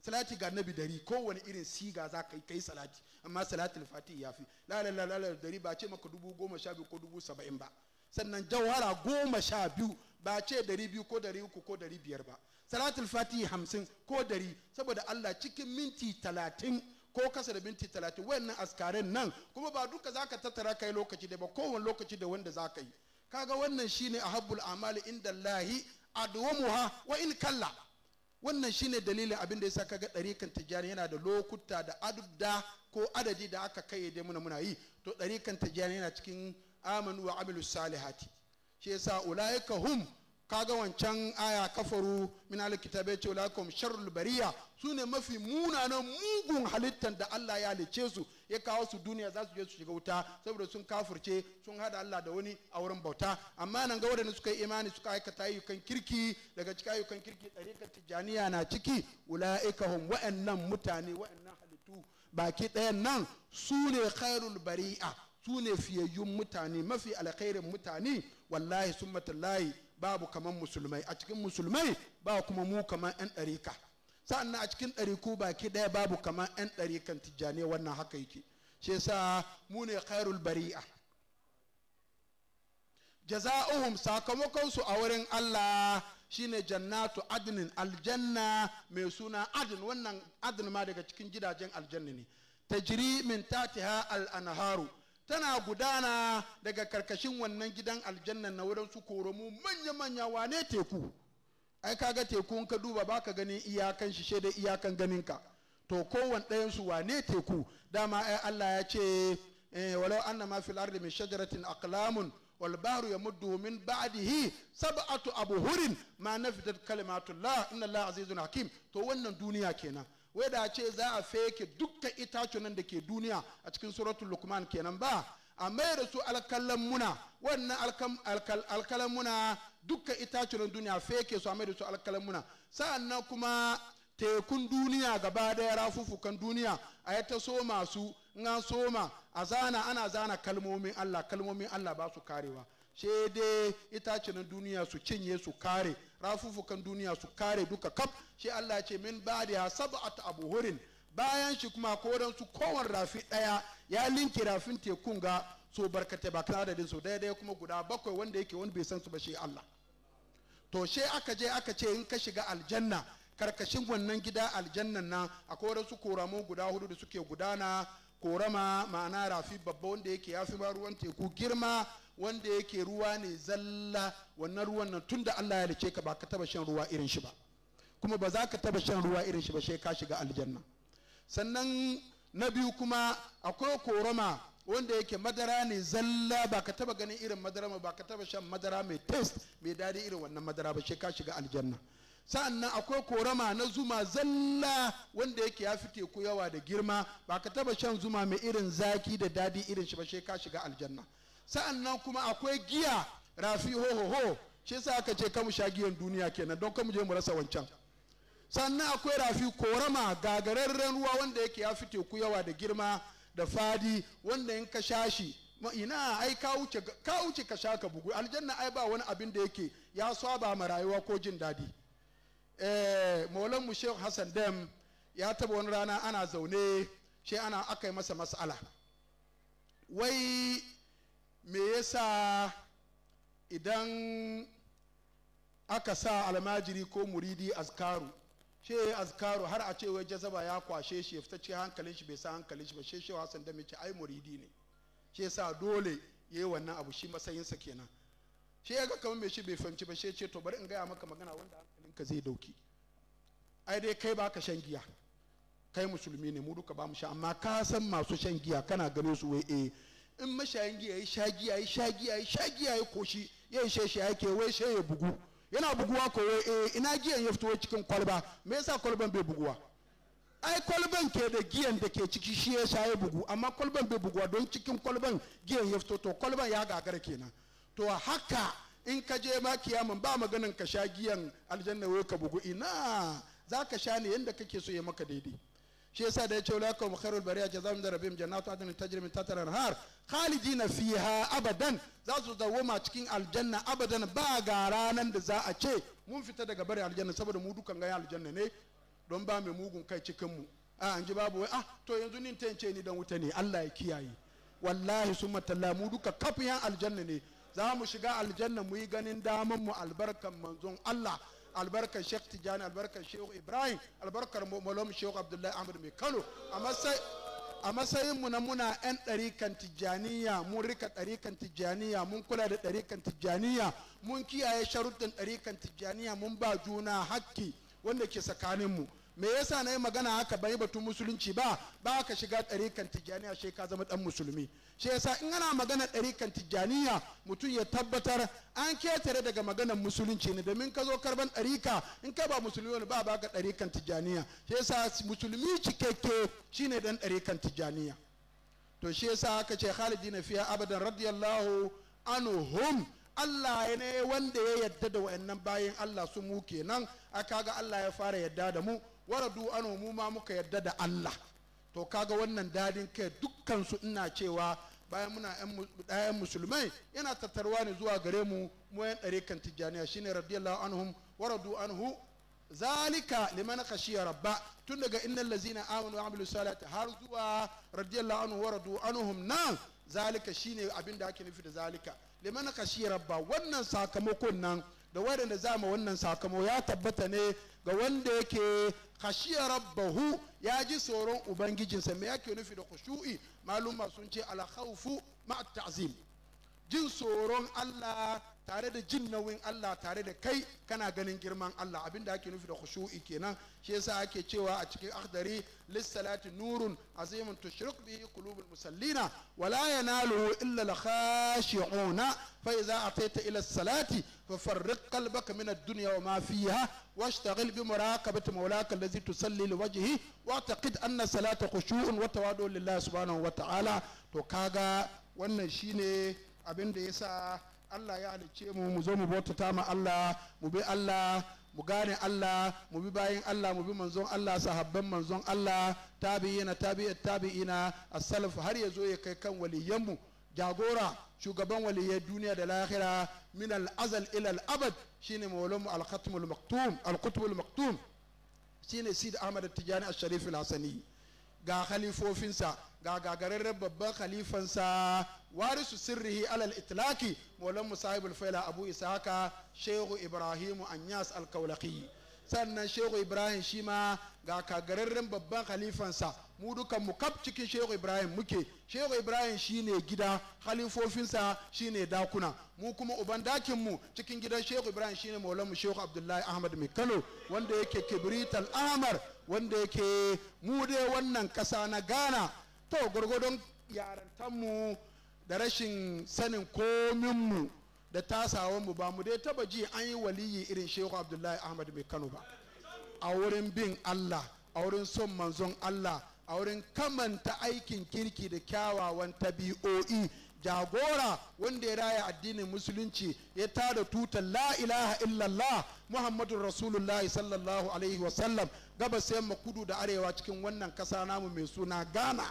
C: salati ga nabi dari kowane irin siga za ka yi kai salati amma salatul fati ya fi lalala dari ba ce maka dubu goma sha biyu ko dubu saba'in ba sannan jawara goma sha biyu ba ce dari biyu ko dari uku ko dari biyar ba salatul fati hamsin ko dari saboda allah cikin minti talatin ko kasa da minti talatin wayannan askaren nan kuma ba duka za ka tattara kai lokaci da ba kowane lokaci da wanda za ka yi kaga wannan shine ahabbul amali inda lahi adwamuha wa in kalla wannan shine dalilin abin da yasa kaga ɗarikan tijjani yana da lokuta da adudda ko adadi da aka da muna muna yi to ɗarikan tijjani yana cikin amanu wa amilus salihati shi yasa ulaika hum kaga wancan aya kafaru min alkitabe ce lakum sharrul bariya sune mafi munanan mugun halittan da Allah ya halice su ya kawo su duniya za su je su shiga wuta saboda sun kafurce sun hada Allah da wani a wurin bauta amma nan ga wadanda suka yi imani suka aikata ayyukan kirki daga cikin ayyukan kirki tsarikar tijaniya na ciki ulaika hum wa'annan mutane wa'annan halittu baki ɗayan nan su ne khairul bari'a su ne fiyayyun mutane mafi alkhairin mutane wallahi sun summatullahi babu kaman musulmai a cikin musulmai ba kuma mu kaman yan ɗarika sa'annan a cikin ɗariku baki ɗaya babu kaman yan ɗarikan tijjaniya wannan haka yake shi yasa mu ne khairul bari'a jaza'uhum sakamakon su a wurin Allah shine jannatu adnin aljanna mai suna adn wannan adn ma daga cikin gidajen aljanna ne tajri min tatiha al-anharu tana gudana daga karkashin wannan gidan aljanna na wurin su koromu manya-manya wane teku ai kaga teku ka duba baka ganin iyakan shi shaida iyakan ganin ka. to kowane ɗayan su wane teku dama ai Allah ya ce eh, walau anna ma fil ardi min shajaratin aqlamun wal bahru yamuddu min ba'dihi sab'atu abhurin ma nafidat kalimatullah inna Allah azizun hakim to wannan duniya kenan wai da ce za a feke dukkan itacunan da ke duniya a cikin suratul lukman kenan ba a mai da su alkalan muna wannan alkalan muna dukkan itacunan duniya feke su a mai da su alkalan muna sa'annan kuma tekun duniya gaba daya rafufukan duniya a ya ta soma su in soma a zana ana zana kalmomin Allah kalmomin Allah ba su karewa sai dai itacunan duniya su cinye su kare rafufukan duniya su kare duka kaf shi Allah ya ce min ba'di ha sab'at abuhurin bayan shi kuma koran su kowan rafi daya ya linki rafin tekun ga so barkate ba da so su daidai kuma guda bakwai wanda yake wani bai san su ba shi Allah to she aka je aka ce in ka shiga aljanna karkashin wannan gida aljannan nan akwai wasu koramo guda hudu da suke gudana korama ma'ana rafi babba wanda yake ya fi ruwan teku girma wanda yake ruwa ne zalla wannan ruwan nan tunda Allah ya lice ka ba ka taba shan ruwa irin shi ba kuma ba za ka taba shan ruwa irin shi ba sai ka shiga aljanna sannan na biyu kuma akwai koroma wanda yake madara ne zalla ba ka taba ganin irin madara ba ka taba shan madara mai taste mai daɗi irin wannan madara ba sai ka shiga aljanna sa'annan akwai korama na zuma zalla wanda yake ya fite teku yawa da girma ba ka taba shan zuma mai irin zaki da daɗi irin shi ba sai ka shiga aljanna sa'an nan kuma akwai giya rafi ho ho ho shi sa aka ce kamu sha giyan duniya kenan don kamu je mu rasa wancan sannan akwai rafi korama gagararren ruwa wanda yake ya fi teku yawa da girma da fadi wanda in ka sha shi ina ai ka wuce ka sha ka bugu aljanna ai ba wani abin da yake ya saba ma rayuwa ko jin daɗi eh mu hassan dam ya taba wani rana ana zaune shi ana aka yi masa matsala wai me yasa idan aka sa almajiri ko muridi azkaru ce azkaru har a ce wai jazaba ya kwashe shi ya fita ce hankalin shi bai sa hankalin shi ba shi shi wasan da ce ai muridi ne shi yasa dole yayi wannan abu shi masayinsa kenan shi ya ga kamar mai shi bai fahimci ba shi ce to bari in gaya maka magana wanda hankalinka zai dauki ai dai kai baka shan giya kai musulmi ne mu duka ba mu sha amma ka san masu shan giya kana ganin su wai eh in mashayin giya yi shagi yi shagi yi shagi yi koshi yayi sheshe ke wai she ya bugu yana buguwa ko wai eh ina giyan ya fito cikin kwalba me yasa kwalban bai buguwa ai kwalban ke da giyan da ke ciki shi ya ya bugu amma kwalban bai buguwa don cikin kwalban giyan ya fito to kwalban ya gagara kenan to haka in ka je ma kiyamun ba maganin ka sha giyan aljanna wai ka bugu ina za ka sha ne yadda kake so ya maka daidai shi yasa da ya ce mu khairul bariya jazam da rabim jannatu adn tajri min tahtiha anhar khalidina fiha abadan za su dawoma cikin aljanna abadan ba ga ranan da za a ce mun fita daga bari aljanna saboda mu dukan ga aljanna ne don ba mai mugun kai cikin mu a an ji babu wai ah to yanzu nin ta ce ni dan wuta ne Allah ya kiyaye wallahi summa talla mu duka kafin aljanna ne za mu shiga aljanna mu yi ganin daman mu albarkan manzon Allah albarkar sheikh tijjani albarkar sheikh ibrahim albarkar malam sheikh abdullahi ahmad mai kano a matsayin mu na muna yan ɗarikan tijjaniya mun rika ɗarikan tijjaniya mun kula da ɗarikan tijjaniya mun kiyaye sharuɗin ɗarikan tijjaniya mun ba juna hakki wanda ke tsakaninmu me yasa na yi magana haka bai batun musulunci ba ba ka shiga ɗarikan tijjaniya sai ka zama ɗan musulmi shi yasa in ana maganar ɗarikan tijjaniya mutum ya tabbatar an ketare daga maganar musulunci ne domin ka zo karban ɗarika in ka ba musulmi wani ba ba ga ɗarikan tijjaniya shi yasa musulmi cikakke ne dan ɗarikan tijjaniya to shi yasa aka ce na fiya abadan radiyallahu hum Allah ne wanda ya yadda da wayannan bayan Allah su mu kenan aka ga Allah ya fara yadda da mu waradu anu mu ma muka yadda da Allah to kaga wannan dadin kai dukkansu ina cewa bayan muna ɗayan musulmai yana tattarwa ne zuwa gare mu mu yan kan tijjaniya shine radiyallahu anhum wa radu anhu zalika liman khashiya rabba tun daga innal lazina amanu wa amilu salati har zuwa radiyallahu anhu wa radu anhum nan zalika shine abin da ake nufi da zalika liman khashiya rabba wannan sakamakon nan da waɗanda za mu wannan sakamo ya tabbata ne ga wanda yake khashiya rabbahu ya ji tsoron ubangijinsa me yake nufi da khushu'i maluma sun ce alhaufu ma'a ta'zim jin tsoron Allah tare da jin nauyin Allah tare da kai kana ganin girman Allah abinda ake nufi da khushu'i kenan shi yasa ake cewa a cikin akhdari lissalati nurun azimun tushriq bi qulubil musallina wa la yanaluhu illa al-khashi'una fa idza ataita ila salati fa farriq qalbaka min ad-dunya wa ma fiha واشتغل بمراقبة مولاك الذي تصلي لوجهه واعتقد أن صلاة خشوع وتواضع لله سبحانه وتعالى تو كاغا wannan shine abin da yasa Allah ya halicce mu mu zo mu bautata ma Allah mu bi Allah mu gane Allah mu bi bayan Allah mu bi manzon Allah sahabban manzon Allah tabi'ina tabi'at tabi'ina as-salaf har ya zo ya kai kan waliyanmu jagora shugaban waliyai duniya da lahira min al-azal ila al-abad shine mawlamu al-khatm al-maktum al al-maktum shine sid ahmad tijani al-sharif al-hasani ga khalifofinsa ga gagararren babban khalifansa warisu sirrihi alal itlaki maulan musahibul faila abu isaka shehu ibrahimu anyas alkaulaki sannan shehu ibrahim shima ga kagararren babban khalifansa mu duka mu kaf cikin shehu ibrahim muke shehu ibrahim shine gida khalifofinsa shine dakuna mu kuma uban dakin mu cikin gidan shehu ibrahim shine maulan mu shehu abdullahi ahmad mai kano wanda yake kibrital ahmar wanda yake mu dai wannan kasa na ghana to gwargwadon yarantanmu da rashin sanin kominmu da tasawanmu ba mu dai taba ji an yi waliyi irin shehu abdullahi ahmad mai kano ba a wurin bin allah a wurin son manzon allah a wurin kamanta aikin kirki da kyawawan tabi'o'i jagora wanda ya raya addinin musulunci ya tada tutar la ilaha illallah muhammadun rasulullahi sallallahu alaihi wasallam gabas yamma kudu da arewa cikin wannan kasa namu mai suna ghana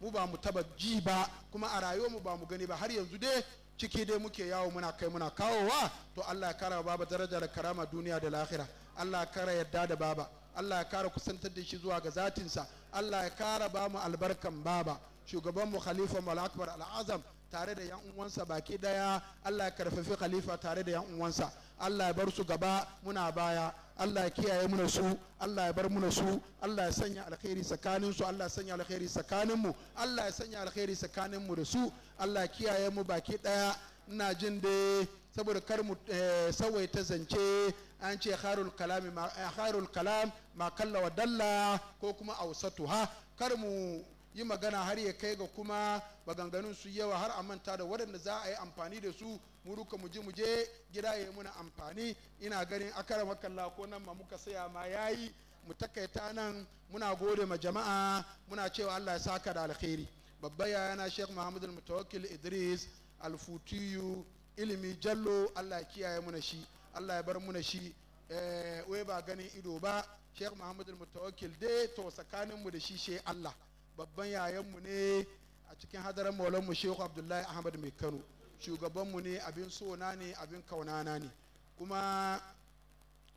C: mu ba mu taba ji ba kuma a rayuwar mu ba mu gani ba har yanzu dai ciki dai muke yawo muna kai muna kawowa to Allah ya kara baba daraja da karama duniya da lahira Allah ya kara yadda da baba Allah ya kara kusantar da shi zuwa ga zatinsa Allah ya kara ba mu albarkan baba shugaban mu khalifa mal al'azam tare da yan uwansa baki daya Allah ya karfafi khalifa tare da yan uwansa Allah ya bar su gaba muna baya Allah ya kiyaye muna su Allah ya bar muna su Allah ya sanya alkhairi tsakanin su Allah ya sanya alkhairi tsakanin mu Allah ya sanya alkhairi tsakanin mu da su Allah ya kiyaye mu baki daya ina jin dai saboda kar mu eh, sawaita zance an ce kharul kalam ma eh, kharul kalam ma kalla wa dalla ko kuma awsatuha kar mu yi magana har ya kai ga kuma maganganun su yawa har a manta da waɗanda za a yi amfani da su mu duka mu je mu je gida ya yi muna amfani ina ganin akara makalla ko nan ma muka saya ma yayi mu takaita nan muna gode ma jama'a muna cewa Allah ya saka da alkhairi babba yana Sheikh Muhammad al-Mutawakkil Idris al-Futiyu ilimi jallo Allah ya kiyaye muna shi Allah ya bar muna shi eh wai ba ganin ido ba Sheikh Muhammad al-Mutawakkil dai to tsakaninmu da shi shi Allah babban yayanmu ne a cikin hadarar maulanmu shehu abdullahi ahmad mai kano shugabanmu ne abin sona ne abin kaunana ne kuma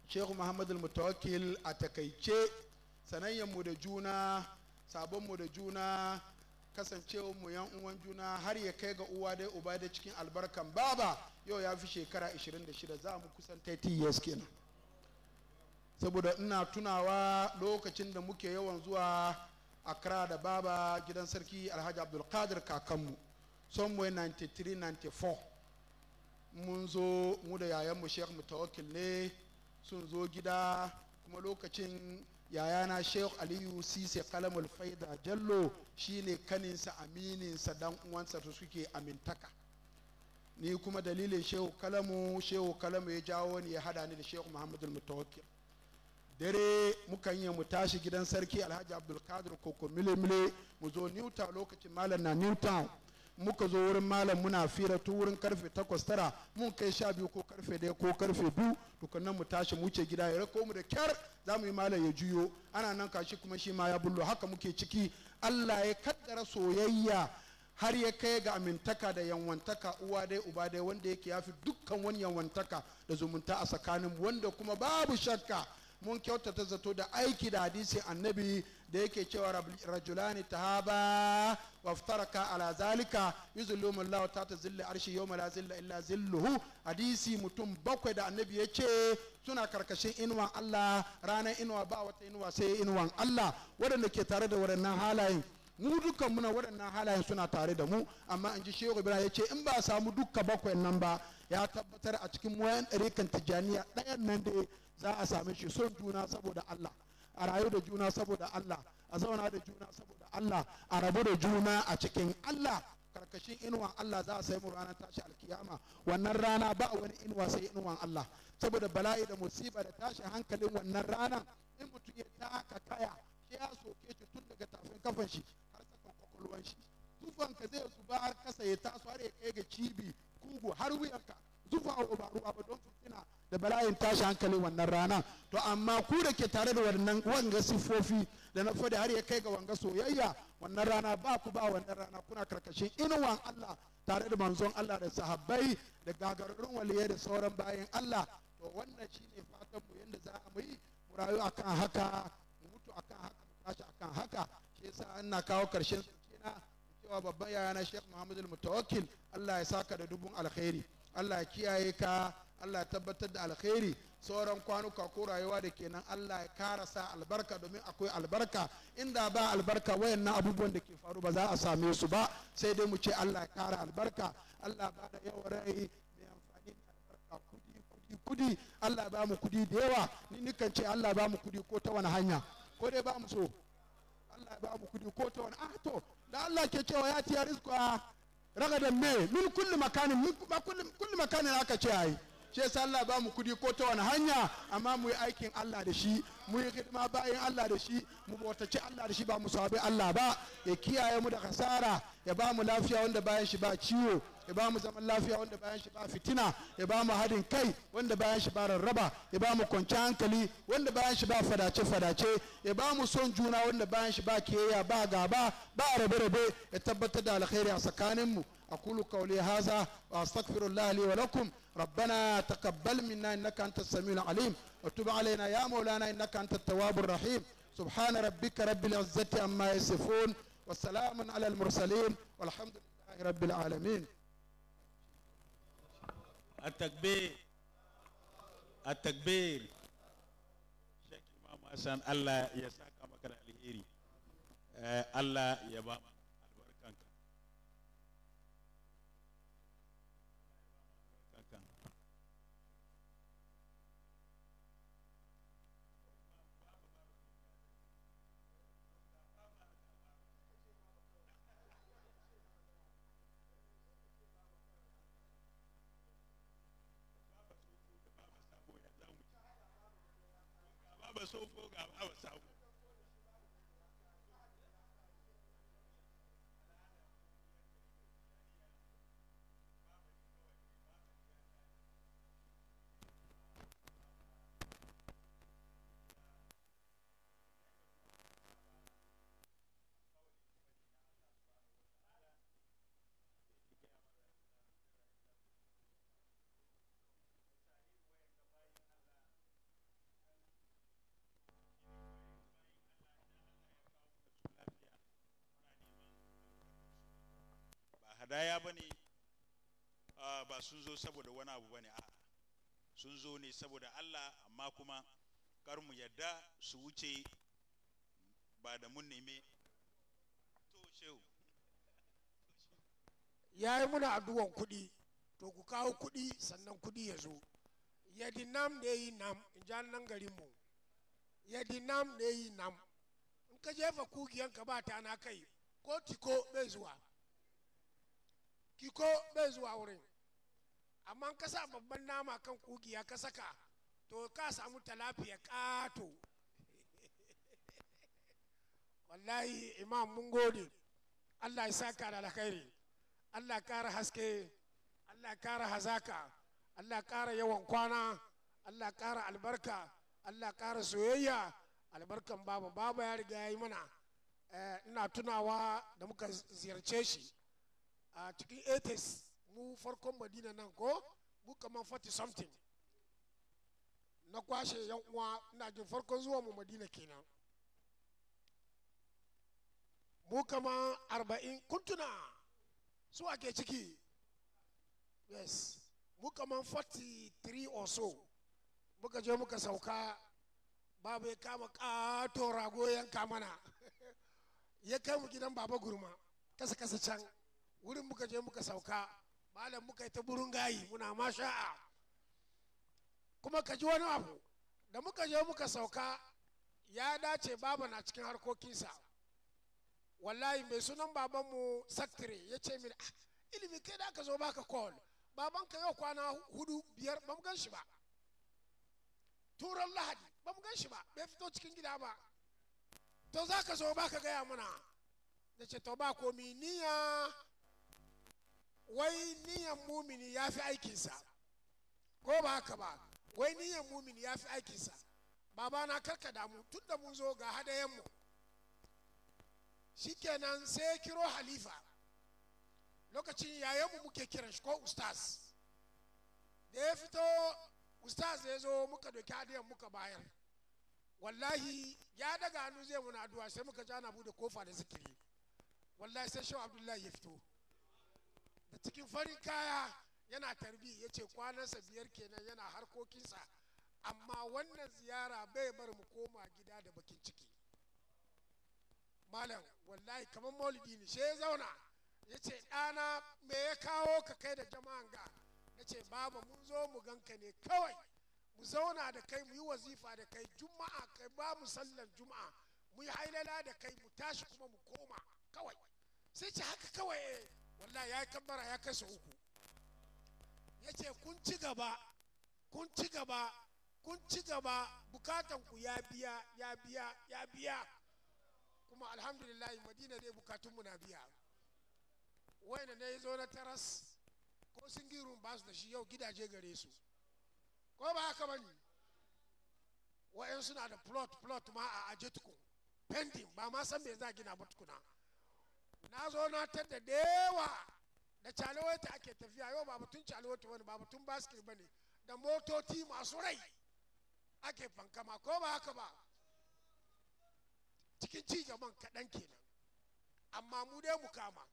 C: shehu muhammadu mutawakil a takaice sanayyanmu da juna sabonmu da juna kasancewarmu yan uwan juna har ya kai ga uwa dai uba da cikin albarkan baba yau ya fi shekara 26 za mu kusan 30 years kenan saboda ina tunawa lokacin da muke yawan zuwa accra da baba gidan sarki alhaji abdulkadir kakanmu somewhere 93 94 mun zo mu da yayanmu sheikh mutawakil ne sun zo gida kuma lokacin yayana sheikh aliyu sise kalamul faida jallo shine kaninsa amininsa dan uwansa su suke amintaka ni kuma dalilin shehu kalamu shehu kalamu ya jawo ni ya hada ni da shehu muhammadu mutawakkil dare muka yi mu tashi gidan sarki alhaji abdulkadir koko mile-mile mu zo newtown lokacin malam na newtown muka zo wurin malam muna fira tu wurin karfe takwas tara mun kai sha biyu ko karfe daya ko karfe biyu tukunan mu tashi mu wuce gida ya rako mu da kyar za mu yi malam ya juyo ana nan kashi kuma shi ma ya bullo haka muke ciki allah ya kaddara soyayya har ya kai ga amintaka da yanwantaka uwa dai uba dai wanda yake yafi dukkan wani yanwantaka da zumunta a tsakanin wanda kuma babu shakka mun kyautata zato da aiki da hadisi annabi da yake cewa rajulani tahaba waftaraka ala zalika yuzillumu Allah ta ta zilla arshi yawma la zilla illa zilluhu hadisi mutum bakwai da annabi ya ce suna karkashin inuwan Allah ranar inuwa ba wata inuwa sai inuwan Allah waɗanda ke tare da waɗannan halayen mu dukkan muna waɗannan halayen suna tare da mu amma in ji shehu ibrahim ya ce in ba samu dukka bakwai nan ba ya tabbatar a cikin wayan kan tijjaniya ɗayan nan da za a same shi son juna saboda Allah a rayu da juna saboda Allah a zauna da juna saboda Allah a rabu da juna a cikin Allah karkashin inuwan Allah za a sai mu ranar tashi alkiyama wannan rana ba wani inuwa sai inuwan Allah saboda bala'i da musiba da tashi hankalin wannan rana in mutum ya taka kaya shi ya soke shi tun daga tafin kafan shi har sakan kwakwalwan shi tufanka zai zuba kasa ya taso har ya kai ga cibi kugu har wuyanka zufa a ba ruwa ba don su da bala'in tashi hankali wannan rana to amma ku da ke tare da wannan wanga siffofi da na fada har ya kai ga wanga soyayya wannan rana ba ku ba wannan rana kuna karkashin inuwan Allah tare da manzon Allah da sahabbai da gagarurin waliyai da sauran bayan Allah to wannan shine fatan mu yanda za mu yi mu rayu akan haka mu mutu akan haka mu tashi akan haka shi yasa ina kawo karshen na cewa babban yayana Sheikh Muhammad Al-Mutawakkil Allah ya saka da dubun alkhairi Allah ya kiyaye ka Allah ya tabbatar da alkhairi sauran kwanuka ko rayuwa da kenan Allah ya kara sa albarka domin akwai albarka inda ba albarka wayannan abubuwan da ke faru ba za a same su ba sai dai mu ce Allah ya kara albarka Allah ba da yawan rai mai amfani da albarka kudi kudi kudi Allah ba mu kudi da yawa ni nikan ce Allah ba mu kudi ko ta wani hanya ko dai ba mu so Allah ba mu kudi ko ta wani ah to da Allah ke cewa ya tiya rizqa ah, ragadan me min kulli makanin kulli makanin aka ce ai shi yasa Allah ba mu kudi ko ta wani hanya amma mu yi aikin Allah da shi mu yi hidima bayan Allah da shi mu bautaci Allah da shi ba mu sabi Allah ba ya kiyaye mu da kasara ya ba mu lafiya wanda bayan shi ba ciwo ya ba zaman lafiya wanda bayan shi ba fitina ya ba mu kai wanda bayan shi ba rarraba ya ba mu hankali wanda bayan shi ba fadace fadace ya ba son juna wanda bayan shi ba kiyayya ba gaba ba rabe rabe ya tabbatar da alkhairi a tsakanin mu أقول قولي هذا وأستغفر الله لي ولكم ربنا تقبل منا إنك أنت السميع العليم وتب علينا يا مولانا إنك أنت التواب الرحيم سبحان ربك رب العزة عما يصفون والسلام على المرسلين والحمد لله رب العالمين
B: التكبير التكبير شكل ماما أسان الله يساك مكان الهيري الله يبام I abasa ofe oge abasa akwụkwọ hadaya ba ne ba sun zo saboda wani abu ba ne a sun zo ne saboda Allah amma kuma kar mu yadda su wuce ba da mun neme to shehu
A: ya yi muna addu'an kuɗi to ku kawo kuɗi sannan kuɗi ya zo yadi nam da yi nam in ji nan garinmu yadi nam da yi nam in ka jefa kugiyanka ba ta na kai ko tiko bai zuwa kiko bai zuwa wurin amma ka sa babban nama kan kugiya ka saka to ka samu talafiya kato wallahi imam mun gode allah ya saka da alkhairi allah kara haske allah kara hazaka allah kara yawan kwana allah kara albarka allah kara soyayya albarkan baba baba ya riga ya yi mana eh, ina tunawa da muka ziyarce shi a cikin 80s mu farkon madina nan ko mu kaman 40 something na kwashe yan uwa ina jin farkon zuwa mu madina kenan mu kama 40 kuntuna su ake ciki yes mu kama 43 or so muka je muka sauka babu ya kama kato rago yanka mana ya kai mu gidan baba gurma kasa kasa can wurin muka je muka sauka malam muka yi ta burin gayi muna ma sha'a kuma ka ji wani abu da muka je muka sauka ya dace baba na cikin harkokinsa wallahi mai sunan babanmu saktire ya ce min ah, ilimi kai da aka zo baka call ka yau kwana hudu biyar ba mu gan shi ba turan lahadi ba mu shi ba bai fito cikin gida ba to za ka zo baka gaya mana da ce to ba komi niyya wai niyan mumini ya fi aikinsa ko ba haka ba wai niyan mumini ya fi aikinsa na karka damu tun da mun zo ga hadayenmu kenan sai kiro halifa lokacin yayenmu muke kiran shi ko ustaz da ya fito ustaz ya zo muka doki hadayen muka bayar wallahi ya daga hannu zai muna addu'a sai muka ja na bude kofa da zikiri wallahi sai shaw abdullahi ya fito da cikin farin kaya yana tarbi ya ce kwanansa biyar kenan yana harkokinsa amma wannan ziyara bai bar mu koma gida da bakin ciki malam wallahi kamar maulidi ne she ya zauna ya ce ɗana me ya kawo ka kai da jama'an ga na ce baba mun zo mu ganka ne kawai mu zauna da kai mu yi wazifa da kai juma'a kai ba mu sallar juma'a mu yi hailala da kai mu tashi kuma mu koma kawai sai ce haka kawai eh. wallahi ya yi kabbara ya kashe uku ya ce kun ci gaba kun ci gaba kun ci gaba bukatanku ya biya ya biya ya biya kuma alhamdulillahi madina dai bukatun mu na biya waina ne zo na taras ko singirun ba su da shi yau gidaje gare su ko ba haka bane wayan suna da plot plot ma a aje pending ba ma san me za gina ba tukuna na zo na tadda da yawa da calawaita ake tafiya yau ba batun calawaita wani ba batun basket ba da motoci masu rai ake fankama ko ba haka ba cikin ci gaban kaɗan kenan amma mu dai mu kama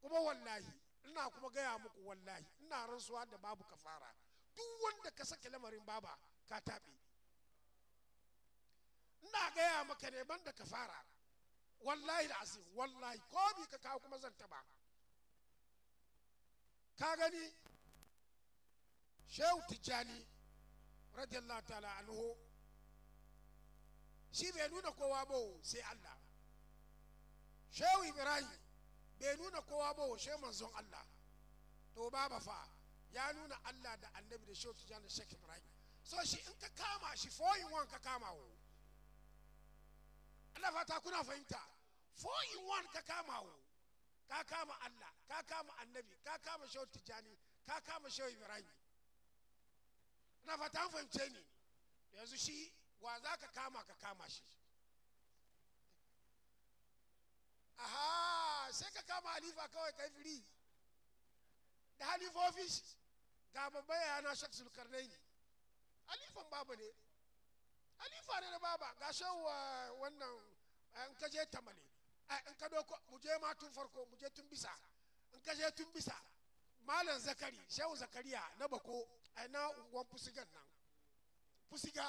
A: kuma wallahi ina kuma gaya muku wallahi ina rantsuwa da babu kafara duk wanda ka saka lamarin baba ka taɓe ina gaya maka ne ban da kafara wallahi da azim wallahi ko bi ka kawo kuma zan taba ka gani shehu tijjani radiyallahu ta'ala anhu shi bai nuna kowa ba sai Allah shehu ibrahim bai nuna kowa ba sai manzon Allah to baba fa ya nuna Allah da annabi da shehu tijjani da shek ibrahim so shi in ka kama shi foyin wan ka kama wo Allah fata kuna fahimta four in one ka kama wo ka kama Allah ka kama annabi ka kama shehu tijani ka kama shehu ibrahim na fata an fahimce ni yanzu shi wa za ka kama ka kama shi aha sai ka kama halifa kawai kai firi da halifofin shi ga babban yana shak sulkarnai ne halifan baba ne halifa ne na baba ga shan wannan an kaje tamale ai in ka doko mu je ma tun farko mu je tun bisa in je tun bisa malam zakari shehu zakariya na bako ai na unguwan fusigan nan fusiga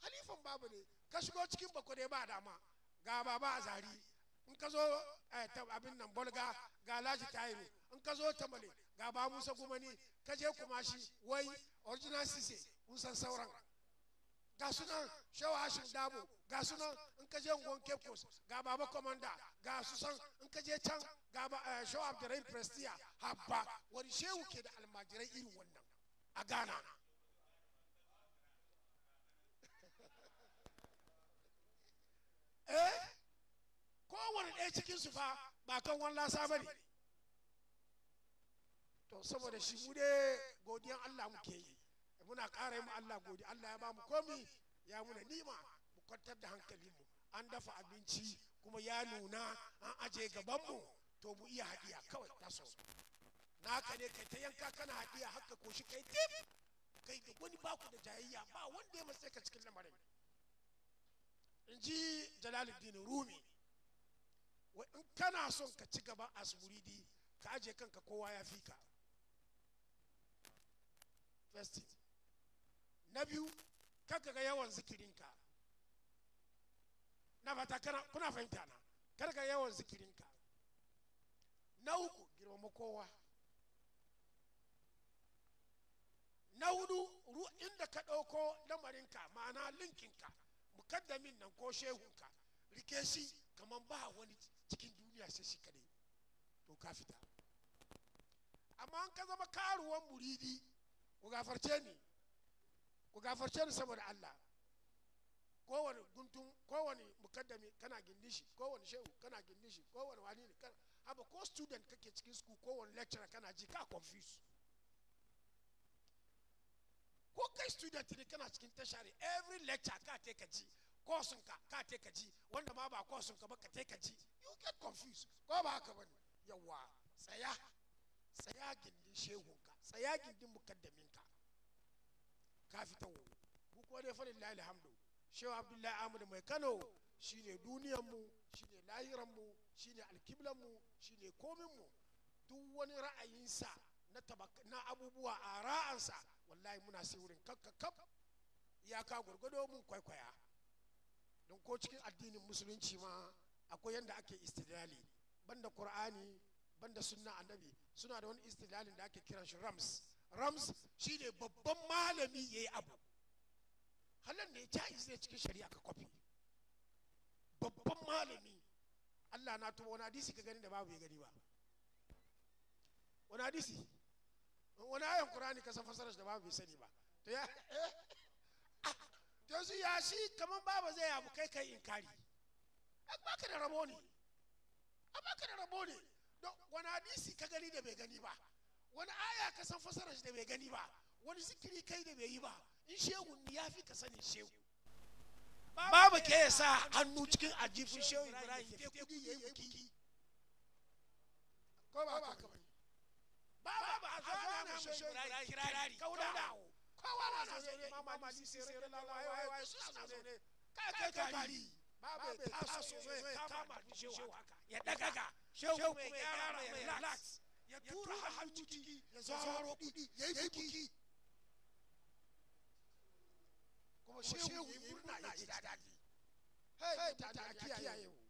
A: halifan babu ne ka shigo cikin bako dai ba dama ga baba a zari in ka zo eh, abin nan bolga ga laji tayiru in ka zo tamale ga ba musa gumani ka je kumashi wai original sise mun san sauran ga sunan shawa hashin dabo ga sunan in ka je ngon cape coast ga baba komanda ga su san in ka je can ga eh, shawa abdurrahim prestia habba wani shehu ke da almajirai irin wannan a ghana eh kowane ɗaya cikin su fa ba kan wani lasa ba ne to saboda shi mu dai godiyan allah muke yi muna ƙara mu Allah godi Allah ya ba mu komi ya muna nima mu kwantar da hankalinmu an dafa abinci kuma ya nuna an aje gabanmu to mu iya haɗiya kawai na naka ne kai ta yanka kana haɗiya haka ko shi kai tip kai da wani baku da jayayya ba wanda ya matsayi ka cikin lamarin in ji jalaluddin rumi in kana son ka ci gaban asmuridi ka aje kanka kowa ya fi ka first na biyu kaka ga yawan zikirinka na fata kuna fahimta na karka yawan zikirinka na uku girma kowa na hudu inda ka ɗauko lamarinka ma'ana linkinka mukaddamin nan ko shehunka rike shi kamar ba wani cikin duniya sai shi kadai to ka fita amma an ka zama karuwan muridi ku gafarce ni ku gafarce ni saboda Allah kowane guntun kowane mukaddami kana gindin shi kowane shehu kana gindin shi kowane wani ne haba ko student kake cikin school kowane lecturer kana ji ka confuse ko kai student ne kana cikin tashari every lecture ka te ka ji kosun ka ka te ka ji wanda ma ba kosun ka ba ka te ka ji you get confused ko ba haka bane yawa tsaya tsaya gindin shehu tsaya gindin mukaddamin ka fita mu ko dai falin lahi alhamdu shehu abdullahi ahmad mai kano shine duniyan mu shine lahiran mu shine alkiblan mu shine komin mu duk wani ra'ayinsa na na abubuwa a ra'ansa wallahi muna sai wurin ya iyaka gurgudo mun kwaikwaya don ko cikin addinin musulunci ma akwai yanda ake istidlali banda qur'ani banda sunna annabi suna da wani istidlalin da ake kiran shi rams rams shi ne babban malami ya yi abu halar ne jaiz ne cikin shari'a ka kwafi babban malami allah na tuba wani hadisi ka gani da babu ya gani ba wani hadisi wani ayan kurani ka san fasarar da babu bai sani ba to ya to su ya shi kamar babu zai abu kai kai kari ba ka da rabo ne ba ka da rabo ne don wani hadisi ka gani da bai gani ba wani aya ka san shi da bai gani ba wani zikiri kai da bai yi ba in shehu ni ya fi ka sanin shehu babu ke ya sa hannu cikin ajifin shehu ibrahim ke kudi ya yi buki ko ba ka bane babu a zuwa na mu shehu ibrahim kirari kaudawo kowa na zo ne mama ji sai rai lalawa ya yi su na zo ne kai kai kakari babu ya taso ya kama shehu haka ya dagaga
B: shehu kuma ya gyara ya relax
A: ya tura hannu ciki ya zaro kuɗi ya yi kuki kuma shehu yi murna ya ji daɗi hei ta ta kiyaye mu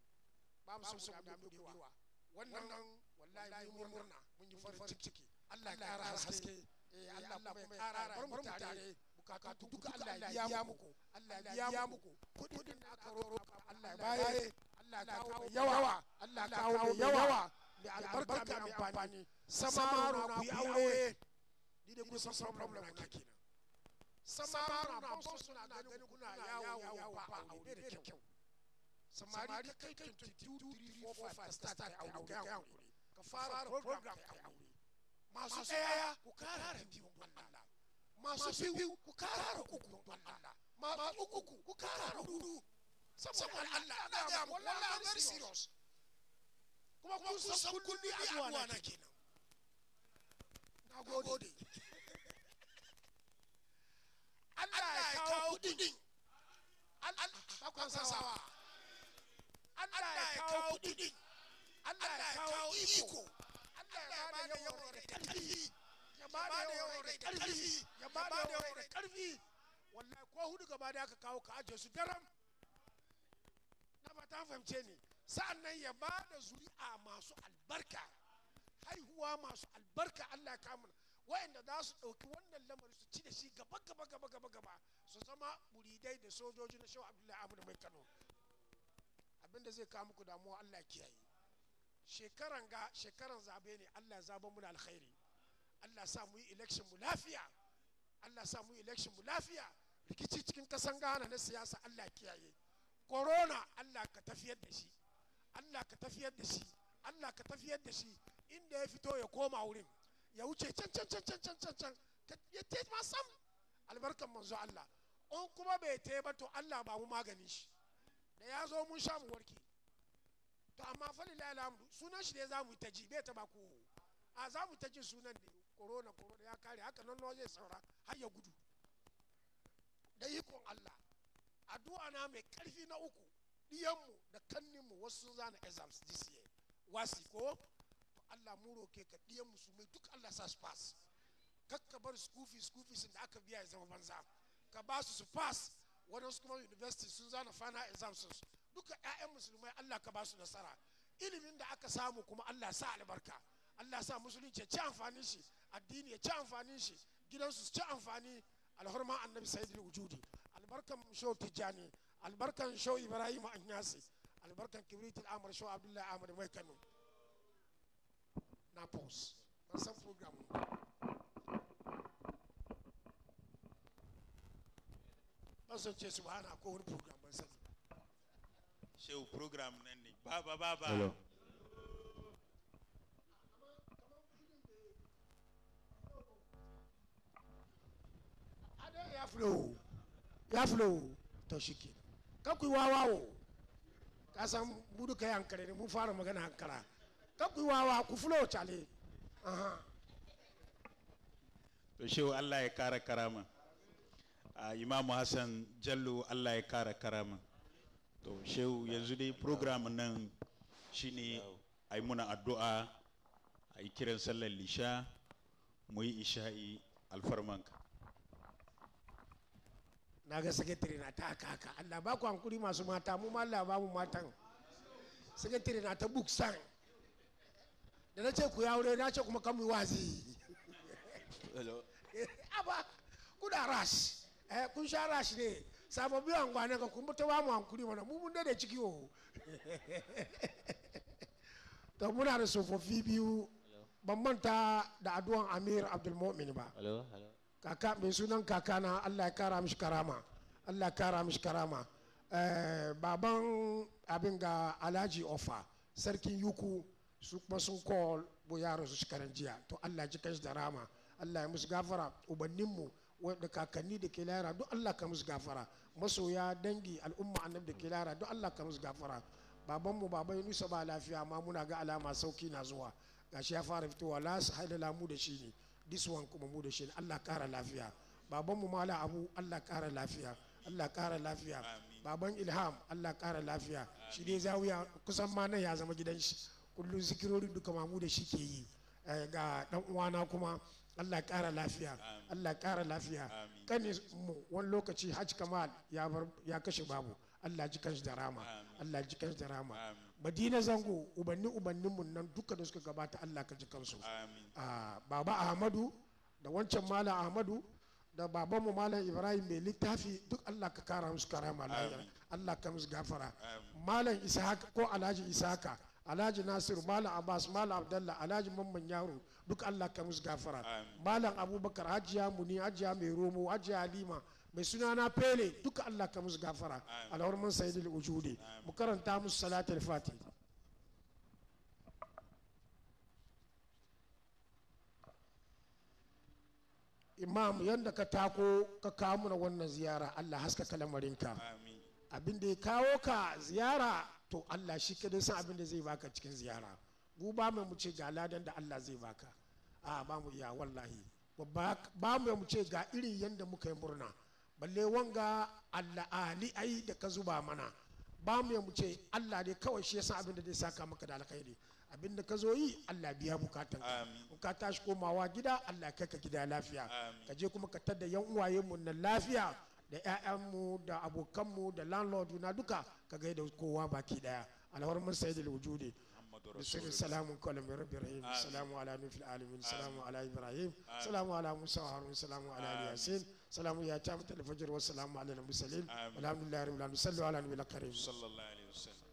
A: ba mu so mu damu dewa wannan wallahi mun murna mun yi farin ciki Allah ya ƙara haske eh, eh, Allah kuma ya ƙara bar mu tare bukatu duka Allah ya biya muku Allah ya biya muku kudin da aka roƙa Allah ya baye Allah ya kawo yawa Allah ya kawo yawa mai albarka na problem na na yawo yawo samari ka kai 3 4 5 start ka fara program ka ku kara ku kara ku kara Allah ga very serious kuma kun san kulli addu'a na kenan na gode Allah ya kawo kudin Allah sawa Allah ya kawo kudin Allah ya kawo iko Allah ya ba da yawan da karfi ya ba da yawan da karfi ya ba da yawan da karfi wallahi ko hudu gaba da aka kawo ka ajiye su daram na ba ta fahimce ni sa'annan ya ba da zuri'a masu albarka haihuwa masu albarka Allah ya kamun wayanda za su ɗauki wannan lamarin su ci da shi gaba gaba gaba gaba gaba su zama muridai da sojoji na shehu abdullahi abu mai kano abinda zai kawo muku damuwa Allah ya kiyaye shekaran ga shekaran zabe ne Allah ya zaba mu alkhairi Allah sa mu yi election mu lafiya Allah sa mu yi election mu lafiya rikici cikin kasan Ghana na siyasa Allah kiyaye corona Allah ka tafiyar da shi Allah ka tafiyar da shi Allah ka tafiyar da shi inda ya fito ya koma wurin ya wuce can can can can can can ya te ma sam albarkan manzo Allah on kuma bai te ba to Allah ba mu magani shi da ya zo mun sha mu warke to amma fa lillahi alhamdu sunan shi ne za mu yi ta ji bai ta ba ko a za mu ta ji sunan ne korona korona ya kare haka nan nawa zai saura har ya gudu da ikon Allah addu'a na mai karfi na uku diyanmu da kanninmu wasu sun zana exams this year wasi ko to Allah mu roke ka diyanmu su mai duk Allah sa su pass kakka bar kufi su kufi sun da aka biya ya zama banza ka ba su su pass wadansu kuma university sun zana final exams su duka ƴaƴan musulmai Allah ka ba su nasara ilimin da aka samu kuma Allah sa albarka Allah sa musulunci ya ci amfani shi addini ya ci amfani shi gidansu su ci amfani alhurma annabi sayyidul wujudi albarkan shoti tijjani albarkan show ibrahim anyasi albarkan kibrit al'amar show abdullahi ahmad mai kano na pause ban san program
B: ban san ce subhana ko wani program ban sani shehu program nan ne baba baba Hello.
A: ya flow ya flow to shi kakwai wawawo ka san budu kai hankali ne mun fara magana hankara kakwai wawa ku fulo cale
B: to shehu allah ya kara karama a imamu hassan jallo allah ya kara karama to shehu yanzu dai program nan shine a yi muna addu'a a yi kiran sallar lisha mu yi isha'i alfarmanka na
A: ga sakatare na ta haka Allah ba ku hankuri masu mata mu ma Allah ba mu matan sakatare na ta buksan da na ce ku ya aure na ce kuma kan mu wazi aba da rash eh kun sha rash ne sababbi gwanin ka kun ta ba mu hankuri mana mu mun da ciki o to muna da sofofi biyu ban manta da adu'an Amir Abdul Mu'min ba hello hello kaka mai sunan kaka na allah ya kara mishi karama allah ya kara mishi karama eh, baban abin ga alhaji ofa sarkin yuku su kuma sun call bo yaro su shekaran jiya to allah ji kai da rama allah ya musu gafara ubanninmu da kakanni da ke lara duk allah ka musu gafara masoya dangi al'umma annabi da ke lara duk allah ka musu gafara babanmu baban yunusa ba lafiya amma muna ga alama sauki na zuwa gashi ya fara fitowa la su haida lamu da shi ne this one kuma mu da shi Allah kara lafiya baban mu mala abu Allah kara lafiya Allah kara lafiya baban ilham Allah kara lafiya shi dai zawiya kusan ma nan ya zama gidan shi kullun zikirori duka ma mu da shi ke yi eh, ga dan uwana kuma Allah kara lafiya Allah kara lafiya kani mu wani lokaci hajj kamal ya bar ya kashe babu Allah ji kanshi da rama Allah ji kanshi da rama madina zango ubanni ubanninmu nan duka da suka gabata allah ka ji kansu ah, baba ahmadu da wancan malam ahmadu da babanmu malam ibrahim mai littafi duk allah ka kara musu karama lafiya allah ka musu gafara malam ishaq ko alhaji Isaka alhaji nasiru malam abbas malam abdallah alhaji mamman yaro duk allah ka musu gafara malam abubakar hajiya muni hajiya mai romo hajiya halima mai suna na fele duka Allah ka musu gafara alhurman sayyidul wujudi mu karanta musu salatar fatih imam yadda ka tako ka kawo mana wannan ziyara Allah haska kalamarinka abin da ya kawo ka ziyara to Allah shi kadai san abin da zai baka cikin ziyara mu ba mu mu ce ga ladan da Allah zai baka a ba mu iya wallahi ba mu mu ce ga irin yadda muka yi murna balle wanga Allah ali ai da ka zuba mana ba mu mu ce Allah ne kawai shi yasa abin da zai saka maka da alkhairi abin da ka zo yi Allah biya bukatan ka in ka tashi komawa gida Allah kai ka gida lafiya ka je kuma ka tada yan uwaye mu na lafiya da ƴaƴanmu da abokanmu da landlord na duka ka gaida kowa baki daya alhormar sayyidul wujudi بسم السلام عليكم رب الرحيم السلام على نوح العالمين السلام على ابراهيم السلام على موسى وهارون السلام على ياسين سلام يا تامة الفجر والسلام على المرسلين والحمد لله رب العالمين صلوا على النبي الكريم صلى
B: الله عليه وسلم